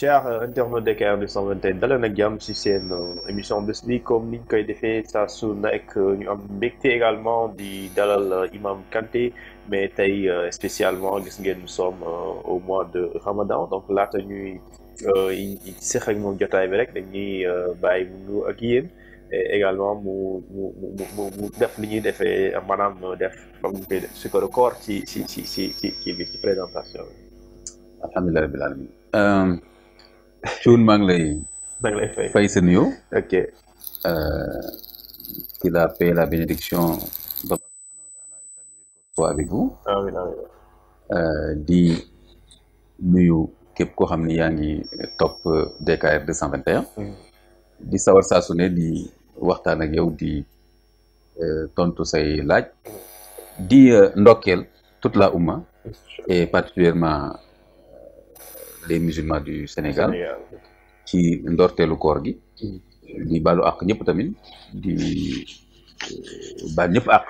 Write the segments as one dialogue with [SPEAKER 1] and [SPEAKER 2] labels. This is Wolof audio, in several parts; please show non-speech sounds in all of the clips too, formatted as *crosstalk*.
[SPEAKER 1] cher euh, internaute DKR 221 daleen ak jàmm ci seen euh, émission bés bi comme niñ koy defee saa su nekk euh, ñu am mbégte également di dalal Imam Kanté mais tey spécialement gis ngeen nous sommes au mois de Ramadan donc laata ñuy seq ak moom jotaay bi rek dañuy bàyyi mu nu ak yéen également mu mu def li ñuy defee maanaam def comme ñu koy def su ko record ci ci ci ci présentation bi
[SPEAKER 2] alhamdulilah alamin Thioune maa ngi lay. maa ngi lay fay sa nuyoo.
[SPEAKER 1] ok. Euh,
[SPEAKER 2] qu'il la bénédiction euh, di nuyu képp koo xam ni yaa ngi topp DKR 221. Mm. di sawar saa di waxtaan ak yow di euh, tontu say laaj. Mm. di ndokkeel toute la umma. et particulièrement les musulmans du Sénégal ci ndorteelu koor gi di baalu àq ñëpp tamit di euh, baal ñëpp àq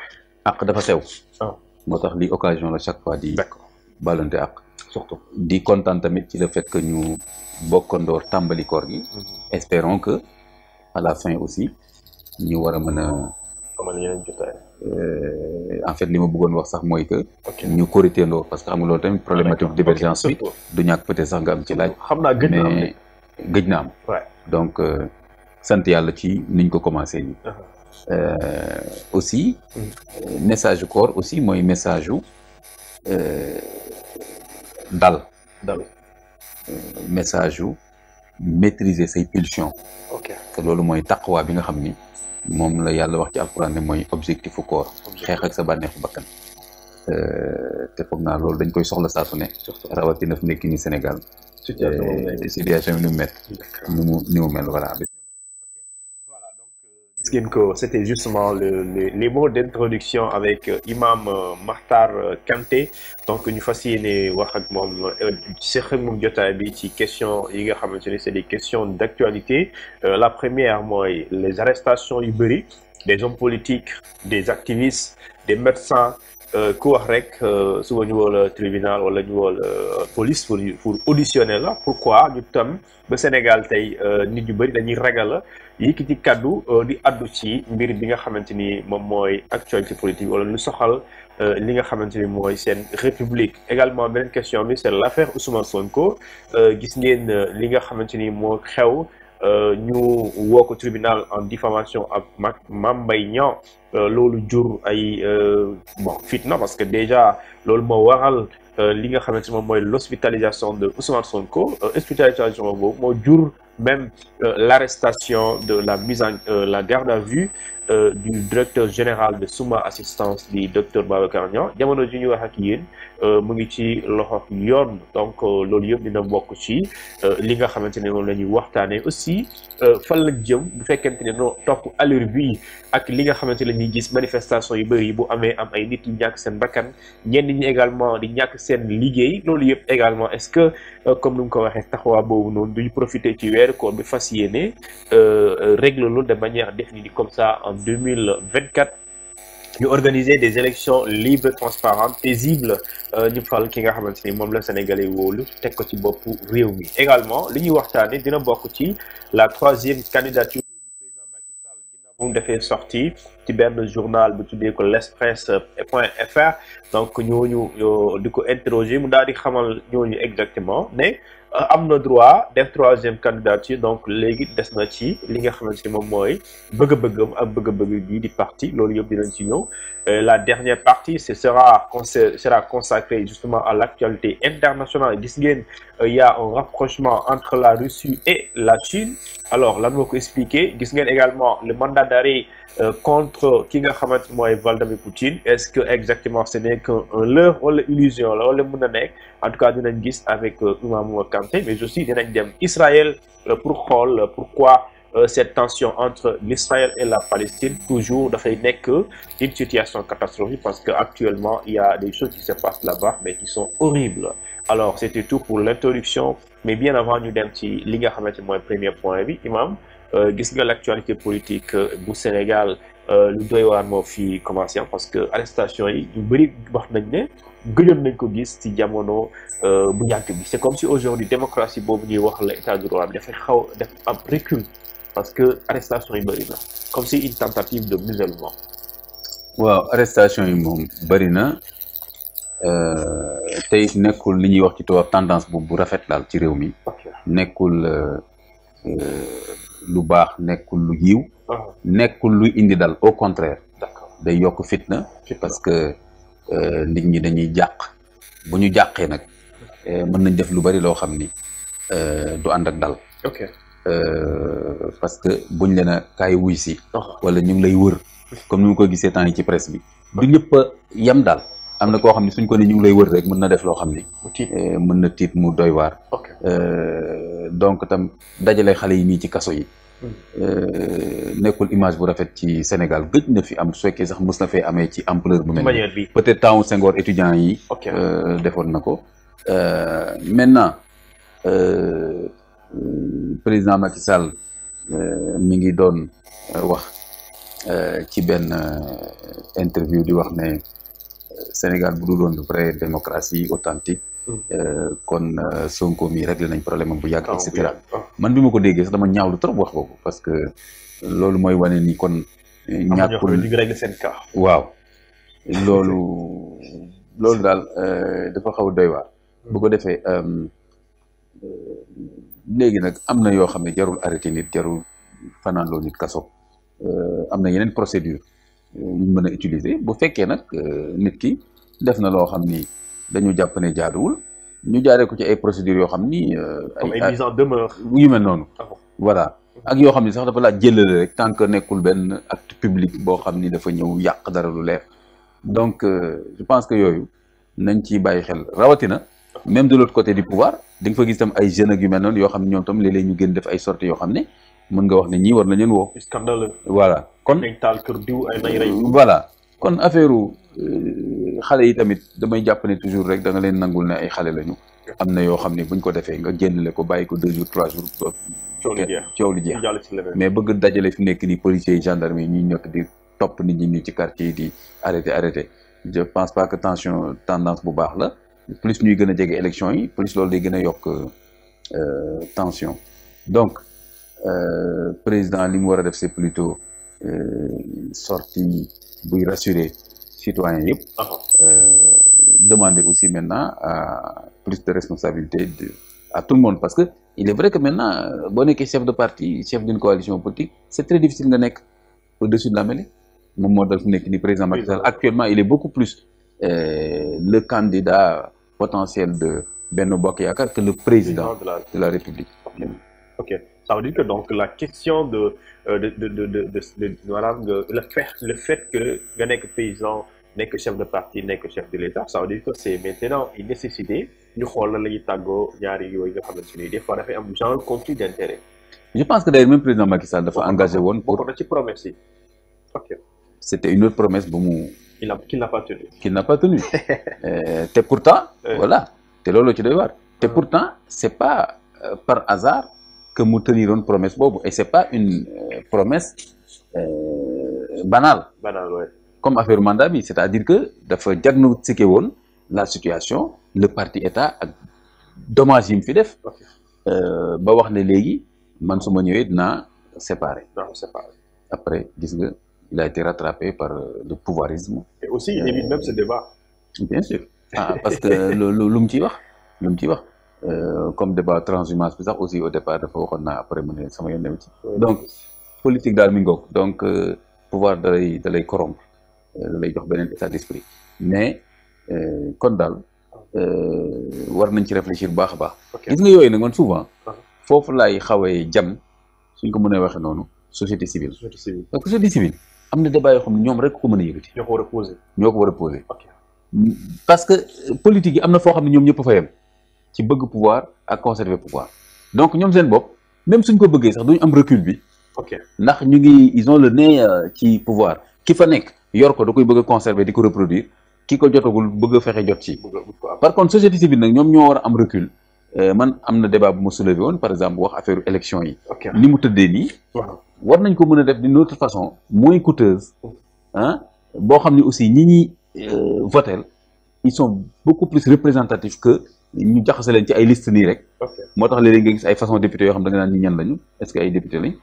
[SPEAKER 2] àq dafa sew ah. moo tax li occasion la chaque fois di baalante àq surtout di kontaan tamit ci le fait que ñu bokkandoor tàmbali koor gi mm-hmm. espérons que à la fin aussi ñu war a mën en li ma bëggoon wax sax mooy que. ñu koriteendoo parce que xam nga loolu tamit problématique divergence bi. du ñàkk peut-être sax nga am ci laaj. xam naa gëj na am mais gëj na donc euh, sant yàlla ci niñ ko commencé uh-huh. euh, aussi mm. message corps aussi mooy message yu euh, dal. dal message yu maîtriser say pulsions. ok te loolu mooy taqwa bi nga xam ni. moom la yàlla wax ci alxuraan ne mooy objectif u koor xeex ak sa bànneexu bakkan euh, te foog naa loolu dañ koy soxla saa su ne rawatina fu nekk ni Sénégal euh, situation bi ni mel ni mu ni
[SPEAKER 1] Skinco, c'était justement le, le, les mots d'introduction avec euh, Imam euh, Mahtar euh, Kanté. Donc, nous fascinons wax ak mom cheikh ak mom jotaay bi ci question yi nga xamanteni c'est des questions d'actualité. Euh, la première moy les arrestations yu bari des hommes politiques, des activistes, des médecins euh, ku wax rek euh, suba ñu woo la tribunal wala ñu woo la police pour pour auditionner la pourquoi ñu tam ba Sénégal tey nit ñu bëri dañuy ragal la yëkkati kàddu euh, di addu ci mbir bi nga xamante ni moom mooy actualité politique wala lu soxal euh, li nga xamante ni mooy seen république également beneen question bi c'est l'affaire Ousmane Sonko euh, gis ngeen li nga xamante ni moo xew ñu woo ko tribunal en diffamation ak mag Mame Mbaye Niang loolu jur ay bon fitna parce que déjà loolu moo waral Euh, li nga xamante moom mooy l'hospitalisation de Ousmane Sonko euh, hospitalisation boobu moo jur même euh, l'arrestation de la mise en la garde à vue du directeur général de Souma Assistance di docteur Babacar Niang jamono ji ñu wax ak yéen Euh, mu ngi ci loxo yoon donc euh, loolu yëpp dina bokk ci euh, li nga xamante ne moom la ñuy waxtaanee aussi fan lañ jëm bu fekkente ne noo topp allure bi ak li nga xamante ne ñuy gis manifestation yu bëri bu amee am ay nit yu ñàkk seen bakkan ñenn ñi également di ñàkk seen liggéey loolu yëpp également est-ce que comme ni mu ko waxee tax waa boobu noonu duñu profiter ci weeru koor bi fas yéene régler lu de manière définitive comme ça en mille vingt-quatre ñu organiser des élections libres transparentes paisibles euh, ñu fal ki nga xamante ni moom la Sénégalais yi wóolu teg ko ci bopp réew mi également li ñuy waxtaane dina bokk ci la troisième candidature bu mu defee sorti ci benn journal bu tuddee ko l'Express point fr donc ñooñu euh, di ko interroger mu daal di xamal ñu exactement ne Euh, am na droit def troisième candidature donc léegi des na ci li nga xamante ni moom mooy bëgg-bëggam ak bëgg-bëgg bii di parti loolu yëpp dinañ ci ñëw euh, la dernière partie ce sera sera consacrée justement à l' actualité internationale gis ngeen il euh, y a rapprochement entre la Russie et la Chine alors lan moo ko expliqué gis ngeen également le mandat d'arrêt euh, contre ki nga xamante mooy Vladimir Poutine est-ce que exactement ce n'est qu'un leurre wala illusion la wala mën na nekk en tout cas dinañ gis avec euh, a Kanté mais aussi dinañ dem Israël pour xool pourquoi Euh, cette tension entre l'Israël et la Palestine toujours dafay nekk une situation catastrophique parce que actuellement il y a des choses qui se passent là-bas mais qui sont horribles alors c'était tout pour l'introduction mais bien avant ñu dem ci li nga xamante ni mooy premier point bi imam euh, gis nga l'actualité politique euh, bu Sénégal lu doy waar moo fi commencé parce que arrestation yi ñu bëri wax nañ ne gëjoon nañ ko gis ci jamono bu yàgg bi c'est comme si aujourd'hui démocratie boobu ñuy wax la état de droit bi xaw def am recul parce que arrestation yi bëri na comme si une tentative de musellement
[SPEAKER 2] waaw arrestation yi moom bëri na euh, tey nekkul li ñuy wax ci tubaab tendance bu rafet daal ci réew mi nekkul euh, euh, lu baax nekkul lu yiw ah. nekkul lu indi daal au contraire day yokk fitna parce que nit ñi dañuy jàq bu ñu jàqee nag mën nañ def lu bari loo xam ni du ànd ak dal Euh, parce que buñ leen a kaay wuy si. Oh. wala ñu ngi lay wër. comme ni mu ko gisee temps yi ci presse bi. du ñëpp a daal. am na koo xam ne suñ ko ne ñu ngi lay wër rek mën na def loo xam ne. Euh, mën na tiit mu doy waar. Euh, donc tam dajale xale yi nii ci kaso yi. Hmm. nekkul image bu rafet ci Sénégal gëj na fi am su fekkee sax mës na fee amee ci ampleur bu mel bi peut-être temps Senghor étudiants yi. defoon na ko. maintenant président Macky Sall euh, mu ngi doon euh, wax euh, ci benn interview di wax ne Sénégal bu dul woon vraie démocratie authentique hmm. kon Sonko mi réglé nañ problème am bu yàgg et ah, man bi ma ko déggee sax dama ñaawlu trop wax boobu parce que loolu mooy wane ni kon ñàkkul seen cas waaw loolu loolu daal dafa xaw doy waar bu ko hmm. defee léegi nag am na yoo xam ne jarul arrêté nit jarul fanaanloo nit kaso euh, am na yeneen procédure euh, ñu mën a utiliser bu fekkee nag euh, nit ki def na loo xam ni dañu jàpp ne jaaduwul ñu jaaree ko ci ay procédures yoo xam ni. comme ay mise en demeure. yu mel noonu. Ah voilà ak yoo xam ni sax dafa laaj jëlale rek tant que nekkul benn acte public boo xam ni dafa ñëw yàq dara lu leer donc je pense que yooyu nañ ci bàyyi xel rawatina. même de l'autre côté du pouvoir di fa gis tam ay jeunes ak yu mel noonu yoo xam ne ñoom tam léeg-léeg ñu gën def ay sorties yoo xam ne mën nga wax ne ñii war na leen woo. scandaleux. voilà kon
[SPEAKER 1] ay taal kër diw ay nay rey.
[SPEAKER 2] voilà kon euh, xale yi tamit damay jàpp ne toujours rek da leen nangul ne ay xale lañu. am na yoo xam ne buñ ko defee nga génnle ko bàyyi ko deux jours trois jours. coow li jeex coow li mais bëgg dajale fi nekk nii policiers yi gendarmes yi ñuy ñott di topp nit ñi ci quartier yi di arrêté arrêté je pense pas que tension bu baax la. plus ñuy gën a jege élection yi plus loolu day gën a yokk euh, tension donc euh, président li mu war a def c'est plutôt euh, sortie buy rassurer citoyens yëpp ah demander aussi maintenant à plus de responsabilité de à tout le monde parce que il est vrai que maintenant boo nekkee chef de parti chef d'une coalition politique c'est très difficile nga nekk au-dessus de la mêlée moom moo daf nekk ni président Macky Sall actuellement il est beaucoup plus euh, le candidat potentiel de Benno Bokk Yaakaar que le président de la, de la République.
[SPEAKER 1] ok ça veut dire que donc la question de euh, de de de de de, de maanaam le fait que nga nekk paysan nekk chef de parti nekk chef de l'État ça veut dire que c'est maintenant une nécessité ñu xool la lañuy tàggoo ñaari yooyu nga xamante ni des fois dafay am genre conflit d'intérêt.
[SPEAKER 2] je pense que d'ailleurs même président Macky Sall dafa engagé woon. pour ci promesse yi ok. c'était une autre promesse bu mu. qui n'a pas tenu. qui n'a pas tenu *laughs* euh, te pourtant. Euh. voilà te loolu ci doy waar. te ah. pourtant c'est pas euh, par hasard que mu teniroon promesse boobu et c'est pas une promesse banale. banale comme affaire mandat bi c'est-à-dire que dafa diagnostiqué woon la situation le parti état ak dommage yi fi def. ba wax ne léegi man suma ma ñëwee na séparer. dinaa séparer après gis nga. il a été par euh, le pouvoirisme.
[SPEAKER 1] et aussi il euh, évite même ce débat.
[SPEAKER 2] bien sûr ah, parce que lu lu mu ciy wax lu mu ciy wax euh, comme débat transhumance bi sax aussi au départ dafa waxoon naa après mu ne sama yoon ci donc politique daal mi ngoog donc pouvoir dalay dalay corrompre lay jox beneen état d'esprit mais kon daal war nañ ci réfléchir bu baax a baax. gis nga yooyu nag man souvent. Ah. foofu laay xawee jam suñ ko mënee waxee noonu société civile. société civile am na débat yoo xam ne ñoom rek ko mën a yëkkati.
[SPEAKER 1] ñoo ko war
[SPEAKER 2] a posé. parce que euh, politique yi am na foo xam ne ñoom ñëpp fa yem ci bëgg pouvoir ak conserver pouvoir donc ñoom seen bopp même suñ ko bëggee sax duñu am recul bi. ok ndax ñu ngi ils ont le nez euh, ci pouvoir ki fa nekk yor ko da koy bëgg a conserver di ko reproduire ki ko jotagul bëgg fexe jot ci. par contre société civile nag ñoom ñoo war a am recul. Euh, man am na débat bu ma soulevé woon par exemple wax affaire élection yi. ni mu tëddee nii. war nañ ko mën a def di autre façon moins coûteuse ah boo xam ne aussi ñi ñuy euh, votel ils son beaucoup plus représentatifs que ñu jaxase leen ci ay liste nii rek. moo tax léeg nga gis ay façon député yoo xam da nga naan ñu ñan lañu est-ce que ay député lañ.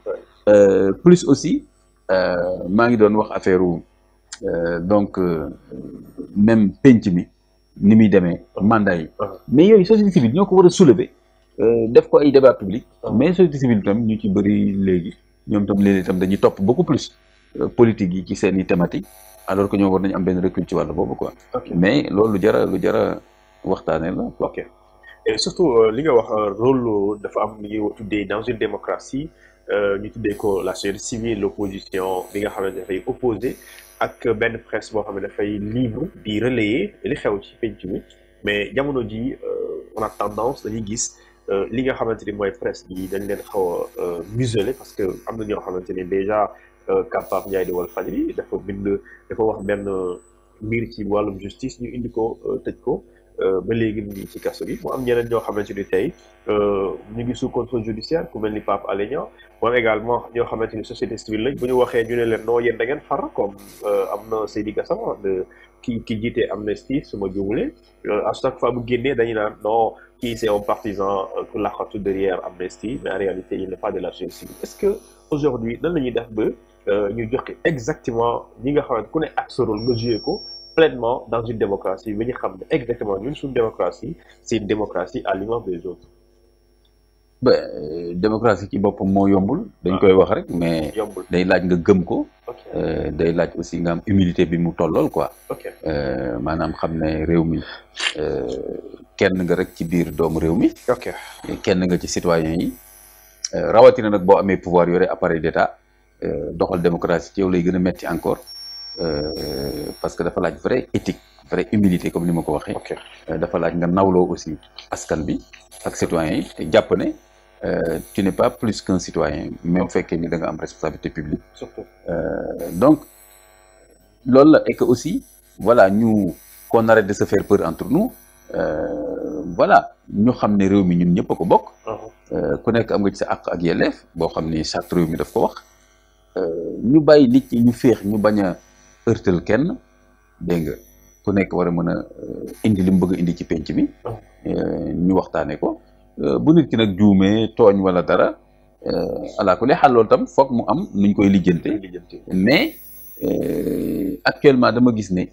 [SPEAKER 2] Euh, plus aussi euh, maa ngi doon wax affaire donc même penc mi ni muy demee mandat yi. mais yooyu société civile ñoo ko war a soulever def ko ay débat public. mais société civile tam ñu ci bëri léegi. ñoom itam léeg-léeg itam dañuy topp beaucoup plus euh, politique yi ci seen i thématique alors que ñoo war nañu am benn recul ci wàll boobu quoi. mais loolu lu jar lu jar a waxtaanee la. ok
[SPEAKER 1] surtout euh, li nga wax euh, rôle dafa am li ñuy tuddee dans une démocratie ñu tuddee ko la société civile l'opposition bi nga xam ne dafay opposé ak benn presse boo xam ne dafay libre di relayer li xew ci penc mi mais jamono ji on a tendance dañuy gis. Euh, li nga xamante ni mooy presse bi dañ leen xaw a euh, muselé parce que am na ñoo xamante ni déjà Kampaf euh, Ndiaye di Walfadjri dafa bind dafa wax benn mbir ci wàllum justice ñu indi ko tëj ko. Euh, ba léegi mu ngi ci kaso gi mu am ñeneen ñoo xamante ni tey euh, ñu ngi sous contrôle judiciaire ku mel ni Pape Alé Niang moom également ñoo xamante ni société civile lañ bu ñu waxee ñu ne leen noo yéen da ngeen far comme euh, am na Seydi Gassama de ki ki jiite Amnesty su ma juumulee à chaque fois bu génnee dañu naan non kii c'est un partisan ku laqatu derrière Amnesty mais en réalité il n'est pas de la société civile est-ce que aujourd'hui nan la ñuy def ba ñu joxe exactement ñi nga xamante ku ne ak sa ko pleinement dans une démocratie bi ñu xam ne exactement ñun suñu démocratie c'est une démocratie à l'image des autres. ba
[SPEAKER 2] euh, démocratie ci boppam moo yombul. dañ ah. koy wax rek mais. day laaj nga gëm ko. Euh, day laaj aussi nga am humilité bi mu tollool quoi. Euh, maanaam xam ne réew mi kenn nga rek ci biir doomu réew mi. kenn nga ci citoyen yi. rawatina nag boo amee pouvoir yore appareil d'État doxal démocratie ci yow lay gën a metti encore. Euh, parce que dafa laaj vraie éthique vraie humilité comme ni ma ko waxee. Euh, dafa laaj nga nawloo aussi askan bi ak citoyens yi te jàpp ne euh, tu n'es pas plus qu'un citoyen mais bu fekkee ni da nga am responsabilité publique. surtout donc loolu la et aussi voilà ñu qu'on arrête de se faire peur entre nous. voilà ñu xam ne réew mi ñu ñëpp a ko bokk. Uh-huh. ku nekk am nga ci sa àq ak yelleef boo xam ni charte réew mi daf ko wax. ñu bàyyi nit ñu féex ñu bañ a. ërtal kenn dégg nga ku nekk war a mën euh, indi li mu bëgg indi ci penc mi euh, ñu waxtaanee ko euh, bu nit ki nag juumee tooñ wala dara alaa kulli xaal loolu tam foog mu am nuñ koy lijjante mais actuellement dama gis ne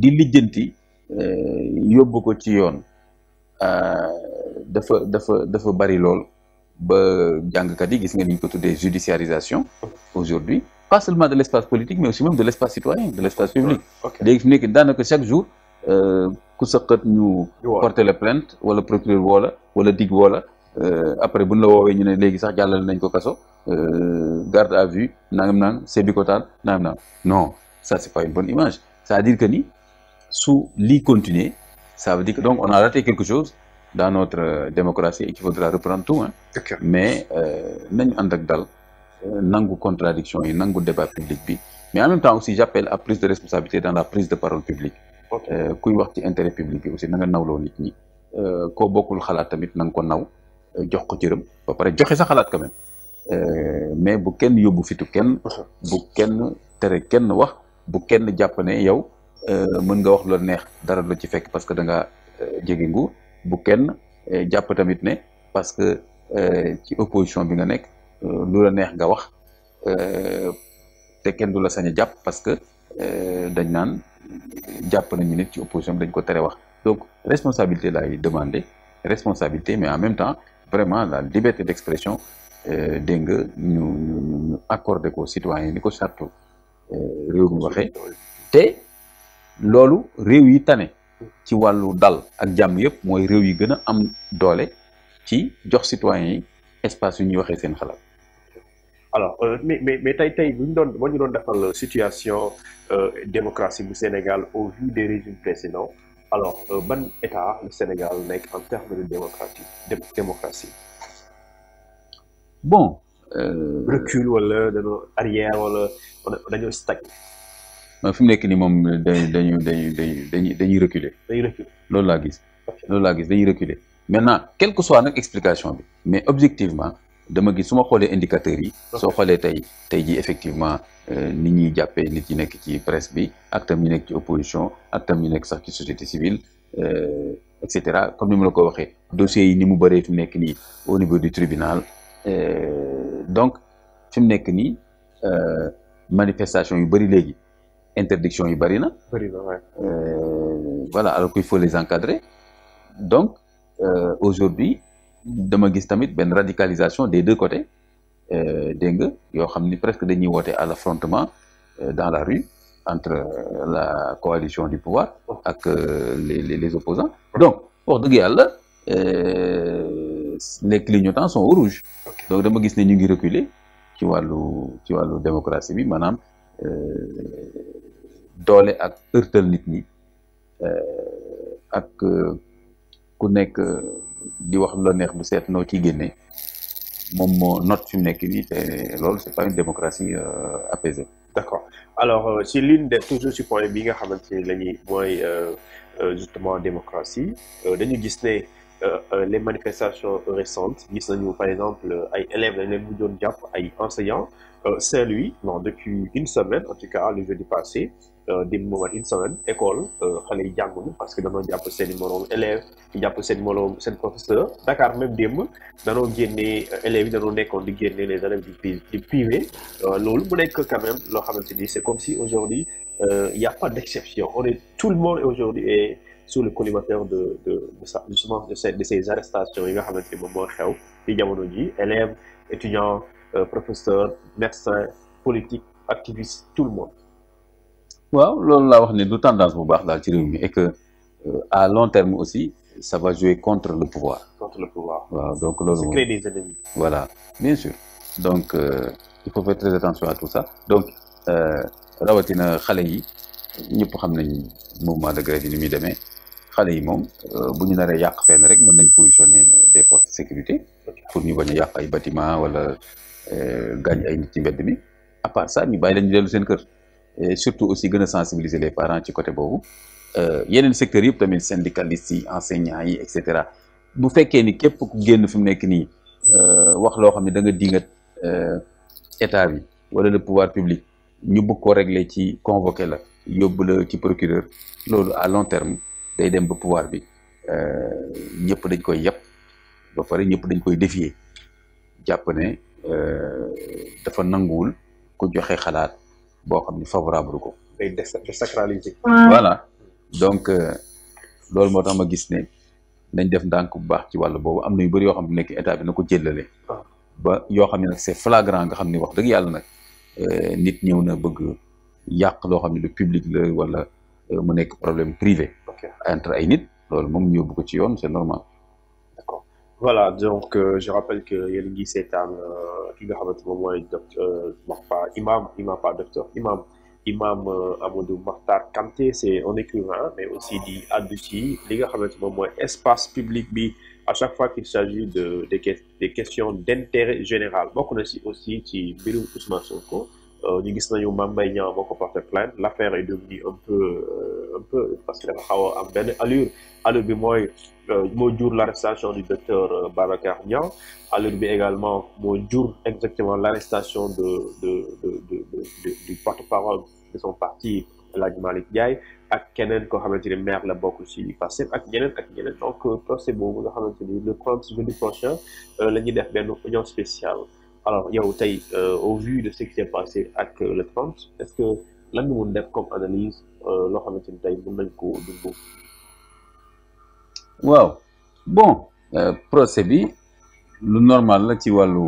[SPEAKER 2] di lijjanti yóbbu ko ci yoon dafa dafa dafa bari lool ba jàngkat yi gis nga niñ ko tuddee judiciarisation aujourd'hui pas seulement de l'espace politique mais aussi même de l'espace citoyen de l'espace public léegi fi nekk daanaka chaque jour euh, ku saqat ñu porter la plainte wala procureur woola wala dig woola euh, après buñ la woowee ñu ne léegi sax jàllale nañ ko kaso euh, garde à vue nangam naan seebi ko taal nangam naan non ça c'est pas une bonne image c'est-à-dire que ni su li continuer ça veut dire que donc on a raté quelque chose dans notre démocratie mais nañu ànd ak nangu contradiction yi nangu débat public bi mais en même temps aussi j'appelle à plus de responsabilité dans la prise de parole publique euh, kuy wax ci intérêt public bi aussi na nga nawloo nit ñi euh, koo bokkul xalaat tamit na nga ko naw euh, jox ko cëram ba pare joxe sa xalaat quand même mais bu kenn yóbbu fitu kenn bu kenn tere kenn wax bu kenn jàpp ne yow mën nga wax lu neex dara la ci fekk parce que da nga jege nguur bu kenn jàpp tamit ne parce que ci opposition bi nga nekk Euh, lu la neex nga wax euh, te kenn du la sañ a jàpp parce que euh, dañ naan jàpp nañu nit ci opposition dañ ko tere wax donc responsabilité laay demander responsabilité mais en même temps vraiment la liberté d'expression dégg nga ñu ñu ñu accordé ko citoyen ni ko charte réew mi waxee te loolu réew yi tane ci wàllu dal ak jàmm yëpp mooy réew yi gën a am doole ci jox citoyen yi espace yu ñuy waxee seen xalaat
[SPEAKER 1] alors euh, mais mais mais tey tey bu ñu doon boo ñu doon defal situation euh, démocratie bu Sénégal au vu des régimes précédents alors euh, ban état le Sénégal nekk en termes de démocratie démocratie. bon. recul wala dañoo arrière wala dañoo stagné.
[SPEAKER 2] non fi mu nekk nii moom dañu dañu dañuy dañu dañu reculer. dañuy reculer loolu laa gis. loolu laa gis dañuy reculer maintenant quelle que soit nag explication bi mais objectivement. dama gis su ma xoolee indicateurs yi. soo xoolee tey tey jii effectivement euh, nit ñuy jàppee nit yi nekk ci presse bi ak tam ñu nekk ci opposition ak tam ñu nekk sax ci société civile euh, et cetera comme ni ma la ko waxee dossiers yi ni mu bëree fi mu nekk nii au niveau du tribunal euh, donc fi mu nekk nii manifestation yu bëri léegi interdiction yi bëri na. bëri na waay. voilà alors qu'il faut les encadrer donc aujourd'hui dama gis tamit benn radicalisation des deux côtés euh, dégg nga yoo xam ni presque dañuy woote à l'affrontement euh, dans la rue entre euh, la coalition du pouvoir ak les les, les opposants donc wax dëgg yàlla les clignotants sont au rouge donc dama gis ne ñu ngi reculer ci wàllu ci wàllu démocratie bi maanaam doole ak ërtal nit ñi ak ku nekk di wax la neex du seet noo ci génnee moom moo note fi mu nekk nii te loolu c'est pas une démocratie euh,
[SPEAKER 1] d'accord alors euh, si ligne de toujours si point bi nga xamante ni la ñuy mooy euh, euh, justement démocratie dañu gis ne. Euh, euh, les manifestations récentes gis nañu par exemple ay élèves dañ leen mujjoon jàpp ay enseignants euh, Saint-Louis non depuis une semaine en tout cas le jeudi passé di une semaine école xale yi jànguñu parce que danoo jàpp seen i moroom élèves jàpp seen i moroom seen professeur Dakar même démb le génnee élèves yi danoo nekkoon di génne les élèves du privé loolu mu nekk quand même loo xamante ni c'est comme si aujourd'hui il y a pas d'exception on est tout le monde aujourd'hui sous le collimateur de de sa justement de ces de arrestations yi nga xam na moom moo xew ci jamono ji élèves étudiants euh, professeurs médecins politiques activistes tout le monde.
[SPEAKER 2] waaw loolu laa wax ne du tendance bu baax daal ci réew mi et que euh, à long terme aussi ça va jouer contre le pouvoir. contre le pouvoir. waaw donc loolu. c'est voilà bien donc euh, il faut faire très attention à tout ça donc euh, rawatina xale yi ñëpp xam nañ mouvement de grève yi ni muy demee. xale yi moom euh, bu ñu naree yàq fenn rek mën nañ positionner des forces de sécurité pour ñu bañ yàq ay batiment wala euh, gaañ ay nit ci mbedd mi à part ça ñu bàyyi leen dellu seen kër surtout aussi gën a sensibiliser les parents ci côté boobu euh, yeneen secteurs yëpp tamit syndicalistes yi enseignants yi et cetera bu fekkee ni képp ku génn fi mu nekk nii wax loo xam ne da nga dingat état bi wala le pouvoir public ñu bëgg ko régler ci convoqué la yóbbu la ci procureur loolu à terme day dem ba pouvoir bi euh, ñëpp dañ koy yëpp ba pare ñëpp dañ koy défier jàpp ne euh, dafa nanguwul ku joxe xalaat boo xam ni favorable ko. day désacraliser. voilà donc euh, loolu moo tax ma gis ne nañ def ndànk bu baax ci wàll boobu am na yu bari yoo xam ne nekk état bi na ko jëllale. ba yoo xam ne nag c'est flagrant nga xam ni wax dëgg yàlla nag nit ñëw na bëgg yàq loo xam ne lu public la wala mu nekk problème privé. entre ay nit loolu moom ñu ci yoon c'est normal.
[SPEAKER 1] d'accord voilà donc euh, euh nga xamante moom mooy docteur euh, Makhtar imam imam pas docteur imam imam euh, écrivain mais aussi di addu ci li nga xamante moom mooy espace public bi a chaque fois qu'il s'agit de des questions d'intérêt général bokk na ci aussi ci mbirum Ousmane Sonko. Euh, ñu gis nañu Mame Mbaye Niang moo ko porté plainte l' devenue un peu euh, un peu parce que dafa xaw benn allure allure bi mooy euh, moo jur l' arrestation du docteur Babacar Niang allure bi également moo jur exactement l' arrestation de de de de du porte-parole de son parti El Hadj Malick Ndiaye ak keneen koo xamante ni maire la bokk si Pastef ak ñeneen ak ñeneen donc procès boobu nga xamante ni le 30 juillet prochain la ñuy def benn union spéciale. alors yow tey euh, au vu de ce qui s'est passé ak euh, le 30 est-ce que lan nga mun def comme analyse euh, loo xamante ni tey mën nañ ko dund.
[SPEAKER 2] waaw bon procès bi lu normal la ci wàllu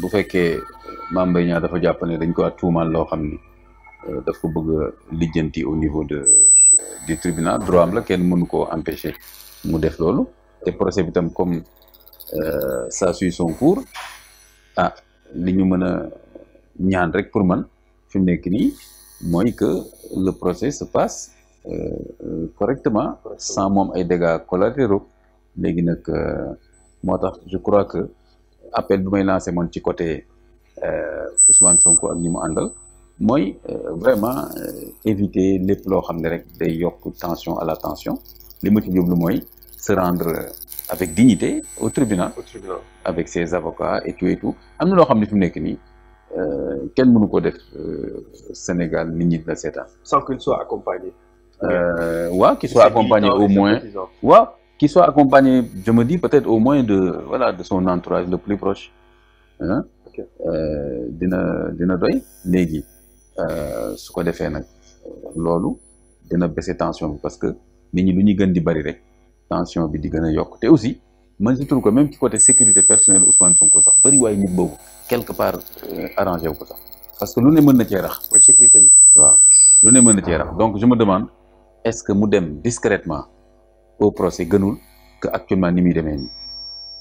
[SPEAKER 2] bu fekkee Mame Mbaye Niang dafa jàpp ne dañ ko tuumaal loo xam ni daf ko bëgg a lijjanti au niveau de du tribunal droit am la kenn mënu koo empêcher mu def loolu te procès bi tam comme. Euh, ça suit sonkour ah li ñu mën a ñaan rek pour man fi mu nii mooy que le procès se passe euh, correctement sans moom ay dégâts collatéraux léegi nag euh, moo tax je crois que appel bi may lancé man ci côté Ousmane Sonko ak ñi mu àndal mooy vraiment éviter lépp loo xam ne rek day yokk tension à la tension li ma ci jublu mooy se rendre avec dignité au tribunal. au tribunal avec ses avocats et tout et loo xam ne fi mu nekk nii euh, kenn mënu ko def euh, Sénégal nit ñi la seetaan.
[SPEAKER 1] sans qu'il soit accompagné. Euh, waaw qu'il soit accompagné au moins
[SPEAKER 2] waaw qu'il soit accompagné je me dis peut-être au moins de voilà de son entourage le plus proche dina dina doy léegi su ko defee nag loolu dina baisser tension parce que nit ñi lu ñuy gën di bari rek. tension bi di gën a yokk te aussi man je trouve que même ci côté sécurité personnelle Ousmane Sonko sax bëri waaye nit euh, wu ko sax parce que lu ne mën na cee rax. ne mën na cee rax donc je me demande est-ce que mu dem discrètement au procès gënul que actuellement ni muy demee nii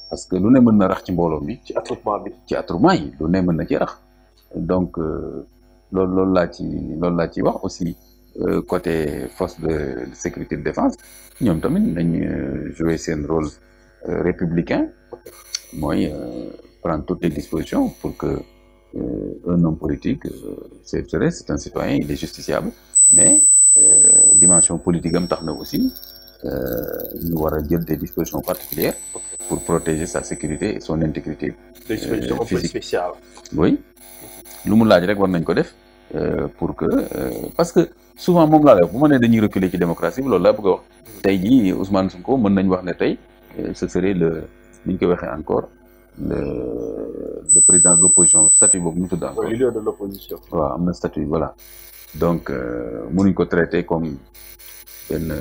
[SPEAKER 2] parce que lu ne mën na rax ci mbooloo mi. ci attroupement bi ci attroupement yi lu ne mën na cee rax donc euh, loolu loolu laa ci loolu laa ci wax aussi. Euh, côté force de sécurité de défense ñoom tamit nañ euh, jouer seen rôle euh, républicain mooy prendre toutes les dispositions pour que un homme politique c'est vrai c'est un citoyen il est justiciable mais dimension politique am tax na aussi ñu war a jël des dispositions particulières pour protéger sa sécurité et son intégrité physique spéciale oui lu mu laaj rek war nañ ko def parce que souvent moom laa lay wax bu ma nee dañu reculer ci démocratie bi loolu laa bëgg a wax tey jii Ousmane ko mën nañ wax ne tey euh, ce serait le ni ñu koy waxee encore le le président de opposition statut boobu ñu tudd encore le leader
[SPEAKER 1] de l' opposition
[SPEAKER 2] waaw am na statut voilà donc euh, mënuñ ko traité comme benn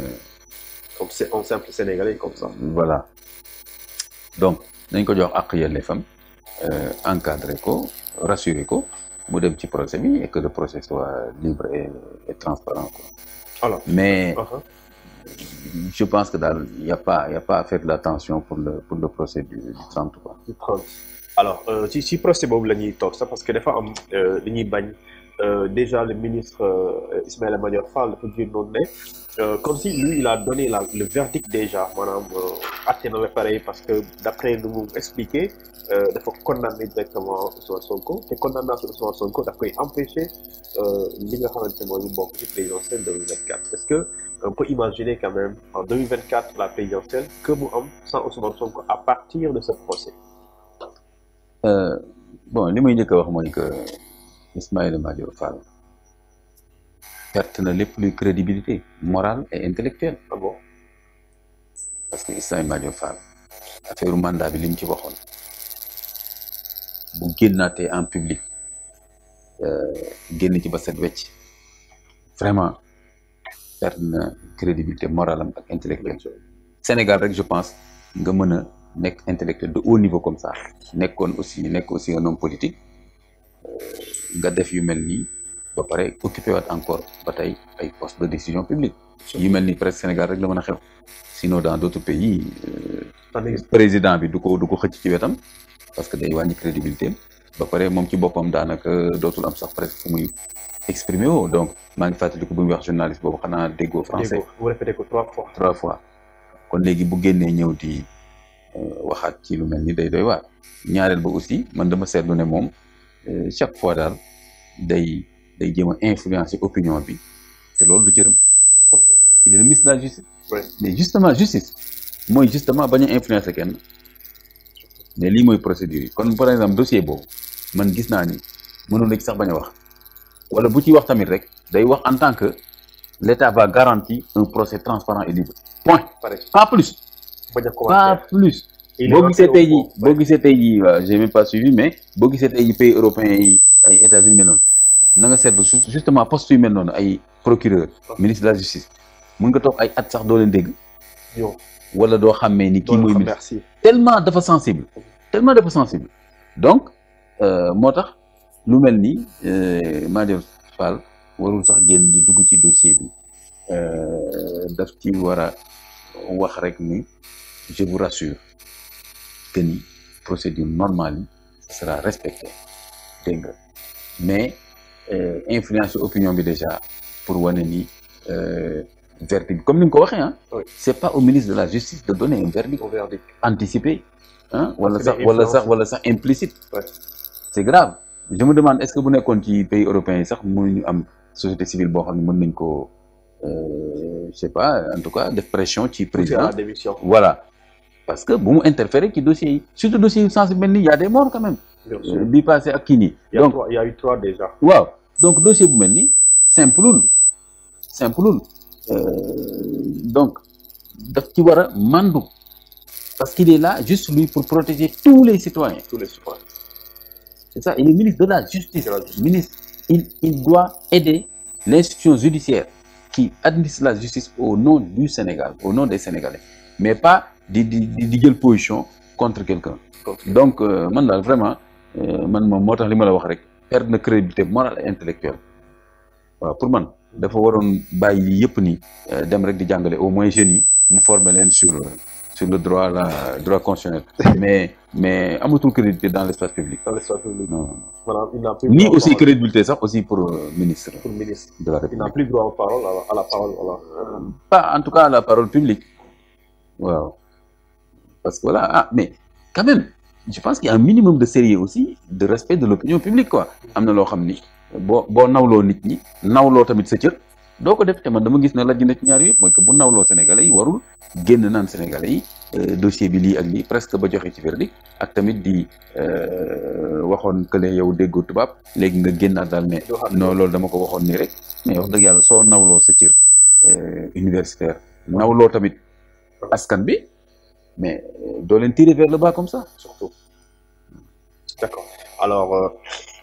[SPEAKER 1] c'est un simple sénégalais comme ça
[SPEAKER 2] voilà donc nañ ko jox ak yelleefam euh, encadré ko rassuré ko mu dem ci procès bi et que le procès soit libre et, transparent mais. Uh je pense que daal y' a pas y' a pas à de l'attention pour le pour le procès du du 30
[SPEAKER 1] quoi. alors euh, ci ci procès boobu la ñuy toog sa parce que dafa am li euh, ñuy bañ. euh, déjà le ministre euh, Ismaël Madior Fall dafa jir noonu ne euh, comme si lui il a donné la, le verdict déjà maanaam euh, atte na ba parce que d'après nu mu expliqué euh, dafa condamné directement Ousmane Sonko te condamnation Ousmane Sonko daf koy empêché li nga xamante mooy bokk ci présidentielle 2024 que on peut imaginer quand en la présidentielle que mu am sans Ousmane à partir de ce procès
[SPEAKER 2] euh, bon li muy njëkk a wax mooy que Ismaïla Madior Fall perte na lépp luy crédibilité morale et intellectuelle ba ah bon parce que Ismaïla Madior Fall affaire mandat bi li ci waxoon bu génnaatee en public euh, génn ci ba set wecc vraiment perte na crédibilité morale am ak intellectuelle Sénégal rek je pense nga mën a nekk intellectuel de haut niveau comme ça nekkoon aussi nekk aussi un politique euh, nga def yu mel nii ba pare occupé waat encore ba tey ay postes de décision publique yu mel nii presque Sénégal rek la mën a xew sinon dans d' autres pays euh, président bi du ko du ko xëcc ci wetam parce que day wàññi crédibilité ba pare moom ci boppam daanaka dootul am sax presque fu muy exprimer woo donc maa ngi fàttaliku bu muy wax journaliste boobu xanaa déggoo français trois fois trois fois kon léegi bu génnee ñëw di euh, waxaat ci lu mel ni day doy waar ñaareel ba aussi man dama seetlu ne moom Euh, chaque fois daal day day jéem a influencer opinion bi te loolu du cëram il est le ministre de la justice mooy justement bañ a influencer kenn mais lii mooy procédure kon par exemple dossier boobu man gis naa ni mënul léegi sax bañ a wax wala bu ciy wax tamit rek day wax en tant que l'État va garanti un procès transparent et libre point pas plus pas plus boo gisee tey jii boo gisee tey jii mais boo gisee tey jii pays européens yi ay États-Unis mel noonu na nga seetlu justement poste yu mel noonu ay procureur ministre de la justice mun nga toog ay at sax doole leen dégg wala doo xammee ni kii mooy ministre telement dafa sensible tellement dafa sensible donc euh, moo tax lu mel ni euh, Madior Fall warul sax génn di dugg ci dossier bi euh, daf ci war a wax rek ni je rassure que ni procédure normale yi sera respectée dégg nga mais euh, influence opinion bi déjà pour wane ni euh, verdict comme ni nga ko waxee ah. c'est pas au ministre de la justice de donner un verdict. un verdict anticipé ah. wala sax wala sax wala sax implicite. Ouais. c'est grave je me demande est-ce que bu nekkoon ci pays européens yi sax mënuñu am société civile boo xam ne mën nañ ko euh, je sais pas en tout cas def pression ci président voilà. parce que bu mu interférer ci dossiers yi surtout dossier yu sensible mel ni y a quand même. Euh, bi passé ak kii nii.
[SPEAKER 1] donc y a de trois déjà.
[SPEAKER 2] donc dossier bu mel ni simplul simplul euh, donc daf ci war a mandu parce qu'il est là juste lui pour protéger tous les citoyens. tous sa citoyens. il est ministre de la justice. ministre il il doit aider l'institution judiciaire qui administre la justice au nom du Sénégal au nom des Sénégalais mais pas. di di di jël position contre quelqu'un donc euh, man daal vraiment euh, man moom moo tax li ma la wax rek perte na crédibilité morale et intellectuelle waaw pour man dafa waroon bàyyi yi yëpp nii euh, dem rek di jàngale au moins jeunes yi mu former leen sur sur le droit la droit constitutionnel *laughs* mais mais amatul crédibilité dans l'espace public. dans l'espace public non
[SPEAKER 1] voilà ni aussi
[SPEAKER 2] crédibilité sax aussi pour
[SPEAKER 1] ministre. pour ministre de la République il n'a plus pas en tout cas à la
[SPEAKER 2] parole publique waaw. parce que voilà ah, mais quand même je pense que am a un minimum de sérieux aussi de respect de l'opinion publique quoi am na loo xam ni boo boo nawloo nit ñi nawloo tamit sa cër doo ko def te man dama gis ne lajj na ci ñaar yëpp mooy que bu nawloo sénégalais yi warul génn naan sénégalais yi euh, dossier bi lii ak lii presque ba joxe ci verdict ak tamit di euh, waxoon que ne yow déggoo tubaab léegi nga génnaat daal ne non loolu dama ko waxoon nii rek mais wax dëgg yàlla soo nawloo sa cër euh, universitaire bi mais euh, doo leen tirer vers le bas comme ça surtout
[SPEAKER 1] d'accord alors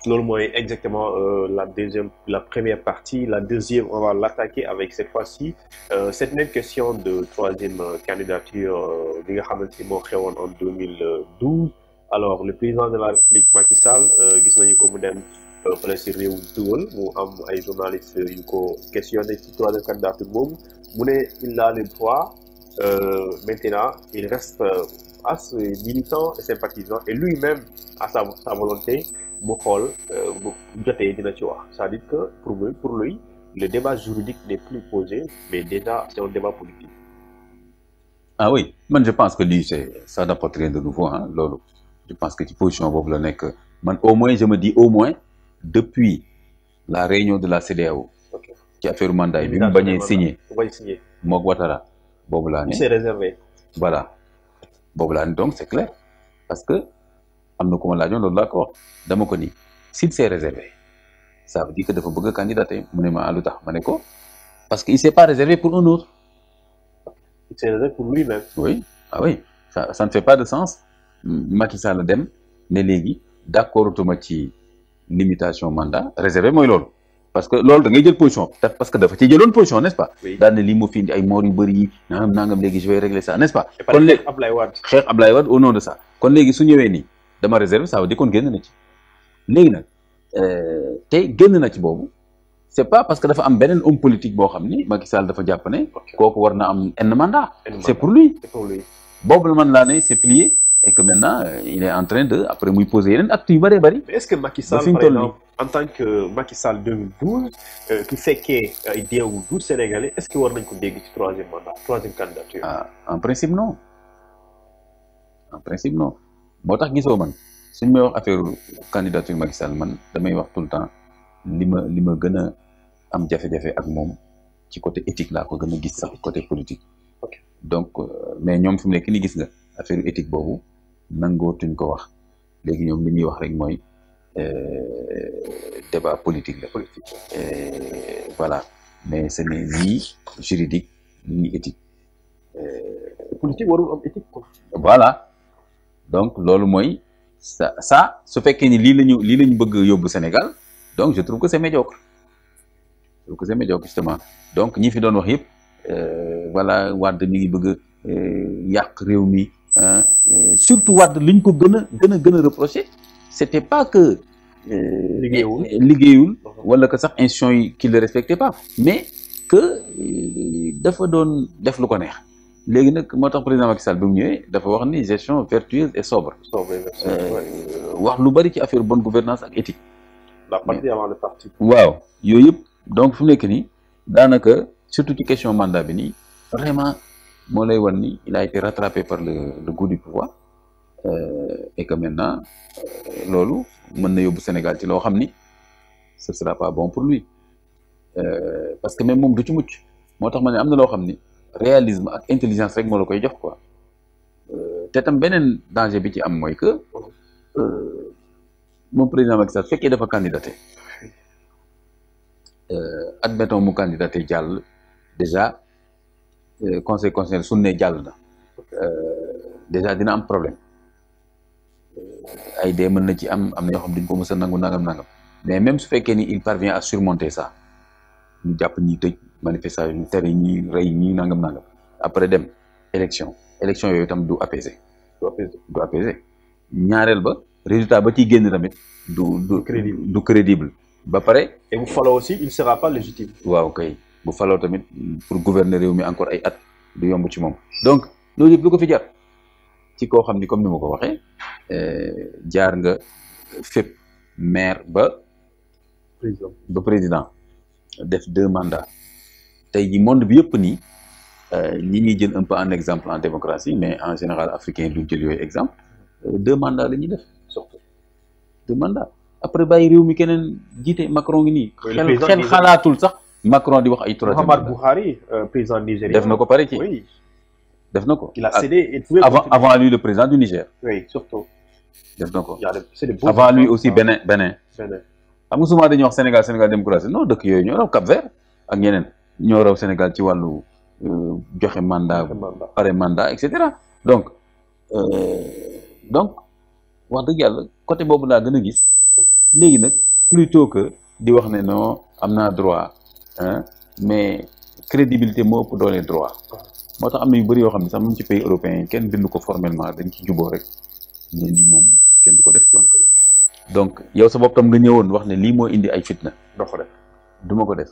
[SPEAKER 1] loolu euh, mooy exactement euh, la deuxième la première partie la deuxième on va l'attaquer avec cette fois-ci euh, cette même question de troisième euh, candidature bi nga xamante ni moo xewoon en 2012 alors le président de la République Macky Sall gis nañu ko mu dem fële si réew Tugal mu am ay journalistes yu ko questionné ci troisième candidature il a le droit Euh, maintenant, il reste euh, assez militant et sympathisant et lui-même à sa, sa volonté bu xool bu euh, jotee dina ci wax c'est-à-dire que pour lui pour le débat juridique n'est plus posé mais déjà c'est un débat politique.
[SPEAKER 2] ah oui man je pense que lii c'est ça n'apporte rien de nouveau ah loolu je pense que ci position boobu la nekk man au moins je me dis au moins depuis la réunion de la CEDEAO. ok ci affaire mandat yi bi mu bañee signé moog Ouattara. boobu laa ne c'est voilà boobu laa ne donc c'est clair parce que am na ku ma laajoon loolu laa ko wax dama ko ni si c'est réservé ça veut dire que dafa bëgg a candidaté mu ne ma ah, lu tax ma ne ko parce que il s'est pas réservé pour un autre. il s'est réservé pour lui-même. oui ah oui ne fait pas de sens Macky Sall dem ne léegi tuma ci limitation mandat réservé mooy loolu. parce que loolu da ngay jël position parce que dafa ci jëloon position n'est-ce pas daal ne lii moo fi ay moor yu bëri yi nangam nangam léegi je vais régler ça n'est-ce pas kon léegi su ñëwee nii dama réserver ça veut dire kon génn na ci léegi nag euh, te génn na ci boobu c'est pas parce que dafa am beneen homme politique boo xam ni Macky Sall dafa jàpp ne kooku war na am n mandat c'est pour lui boobu la man laa ne maintenant il est en train de après muy poser yeneen actes
[SPEAKER 1] yu bëree bëri. mais est-ce que Macky Sall par exemple en tant que Macky Sall 2012. ki fekkee ay ce que war nañ ko dégg ci troisième mandat troisième candidature. Ah,
[SPEAKER 2] en principe non en principe moo tax gisoo man suñ may wax affaire candidature Macky Sall man damay wax tout le temps li ma li ma gën a am jafe-jafe ak moom ci côté éthique laa ko gën gis sax côté politique. donc euh, mais ñoom fi mu nekk ni gis nga affaire éthique boobu. nangootuñ ko wax léegi ñoom li ñuy wax rek mooy euh, débat politique la politique euh, voilà mais ce n'est ni juridique ni éthique
[SPEAKER 1] euh, politique
[SPEAKER 2] voilà donc loolu mooy sa ça su fekkee ni lii lañu lii lañ bëgg yóbbu Sénégal donc je trouve que c'est médiocre je trouve que c'est médiocre donc ñi fi doon wax yëpp voilà Wade mi ngi bëgg yàq réew mi Euh, surtout Wade li ko gën a gën a gën a reproché c'était pas que. Euh, liggéeyul euh, liggéeyul. wala que sax institutions yi qui le respectait pas mais que dafa doon def lu ko neex. léegi nag moo tax président Macky Sall bi mu ñëwee dafa wax ni gestion vertueuse et sobre. wax lu bari ci affaire bon gouvernance ak éthique. la waaw yooyu yëpp donc fu nekk nii daanaka surtout ci question mandat bi nii moo lay wan ni il a été par le le goût du pouvoir euh, et que maintenant euh, loolu mën na yóbbu Sénégal ci loo xam ni ce sera pas bon pour lui euh, parce que même moom du ci mucc moo tax ma ne am na loo xam ni réalisme ak intelligence rek moo la koy jox quoi te tam beneen danger bi ci am mooy que moom président ma Macky Sall fekkee dafa candidaté admettons mu candidaté jàll déjà Euh, conseil conseil su ne jàll na euh, déjà dina am problème euh, ay dee mën na ci am am na ñoo xam duñ ko mës a nangu nangam nangam mais même su fekkee ni il parvient à surmonter ça ñu jàpp ñi tëj manifestation ñu tere ñi rey ñi nangam nangam après dem élection élection yooyu tam du apaisé du ñaareel ba résultat ba ciy génn tamit du du crédible ba pare
[SPEAKER 1] et bu faloo aussi il sera pas légitime
[SPEAKER 2] waaw kay bu faloo tamit pour gouverner réew mi encore ay at du yomb ci moom donc loolu yëpp lu ko fi jar ci ko xam ni comme ni ma ko waxee eh, jaar nga fépp maire ba président ba président def deux mandats tey ji monde bi yëpp nii eh, ñi ñuy jël un peu en exemple en démocratie mais en général africain du jël yooyu exemple eh, deux mandats la def surtout deux mandats après bàyyi réew mi keneen jiite Macron ngi nii xel xalaatul sax Macron di wax ay troisième mandat Muhammad
[SPEAKER 1] Buhari euh, président nigérien def na ko pare ci
[SPEAKER 2] def na ko. a cédé et tout avant avant lui le président du Niger.
[SPEAKER 1] oui surtout. def na ko avant lui aussi Bénin Bénin. xam
[SPEAKER 2] nga souvent dañuy wax Sénégal Sénégal démocratie no dëkk yooyu ñoo raw Cap Vert ak ñeneen ñoo raw Sénégal ci wàllu euh, joxe mandat. pare mandat et cetera donc euh, donc wax dëgg yàlla côté boobu laa gën a gis léegi nag plutôt que di wax ne non am naa droit. mais crédibilité moo ëpp doole droit moo tax am na yu bëri yoo xam ne sax moom ci pays européen yi kenn bind ko formellement dañ ci juboo rek mais kenn ko def jox ko donc yow sa bopp tam nga ñëwoon wax ne lii moo indi ay fitna. dox rek duma ko def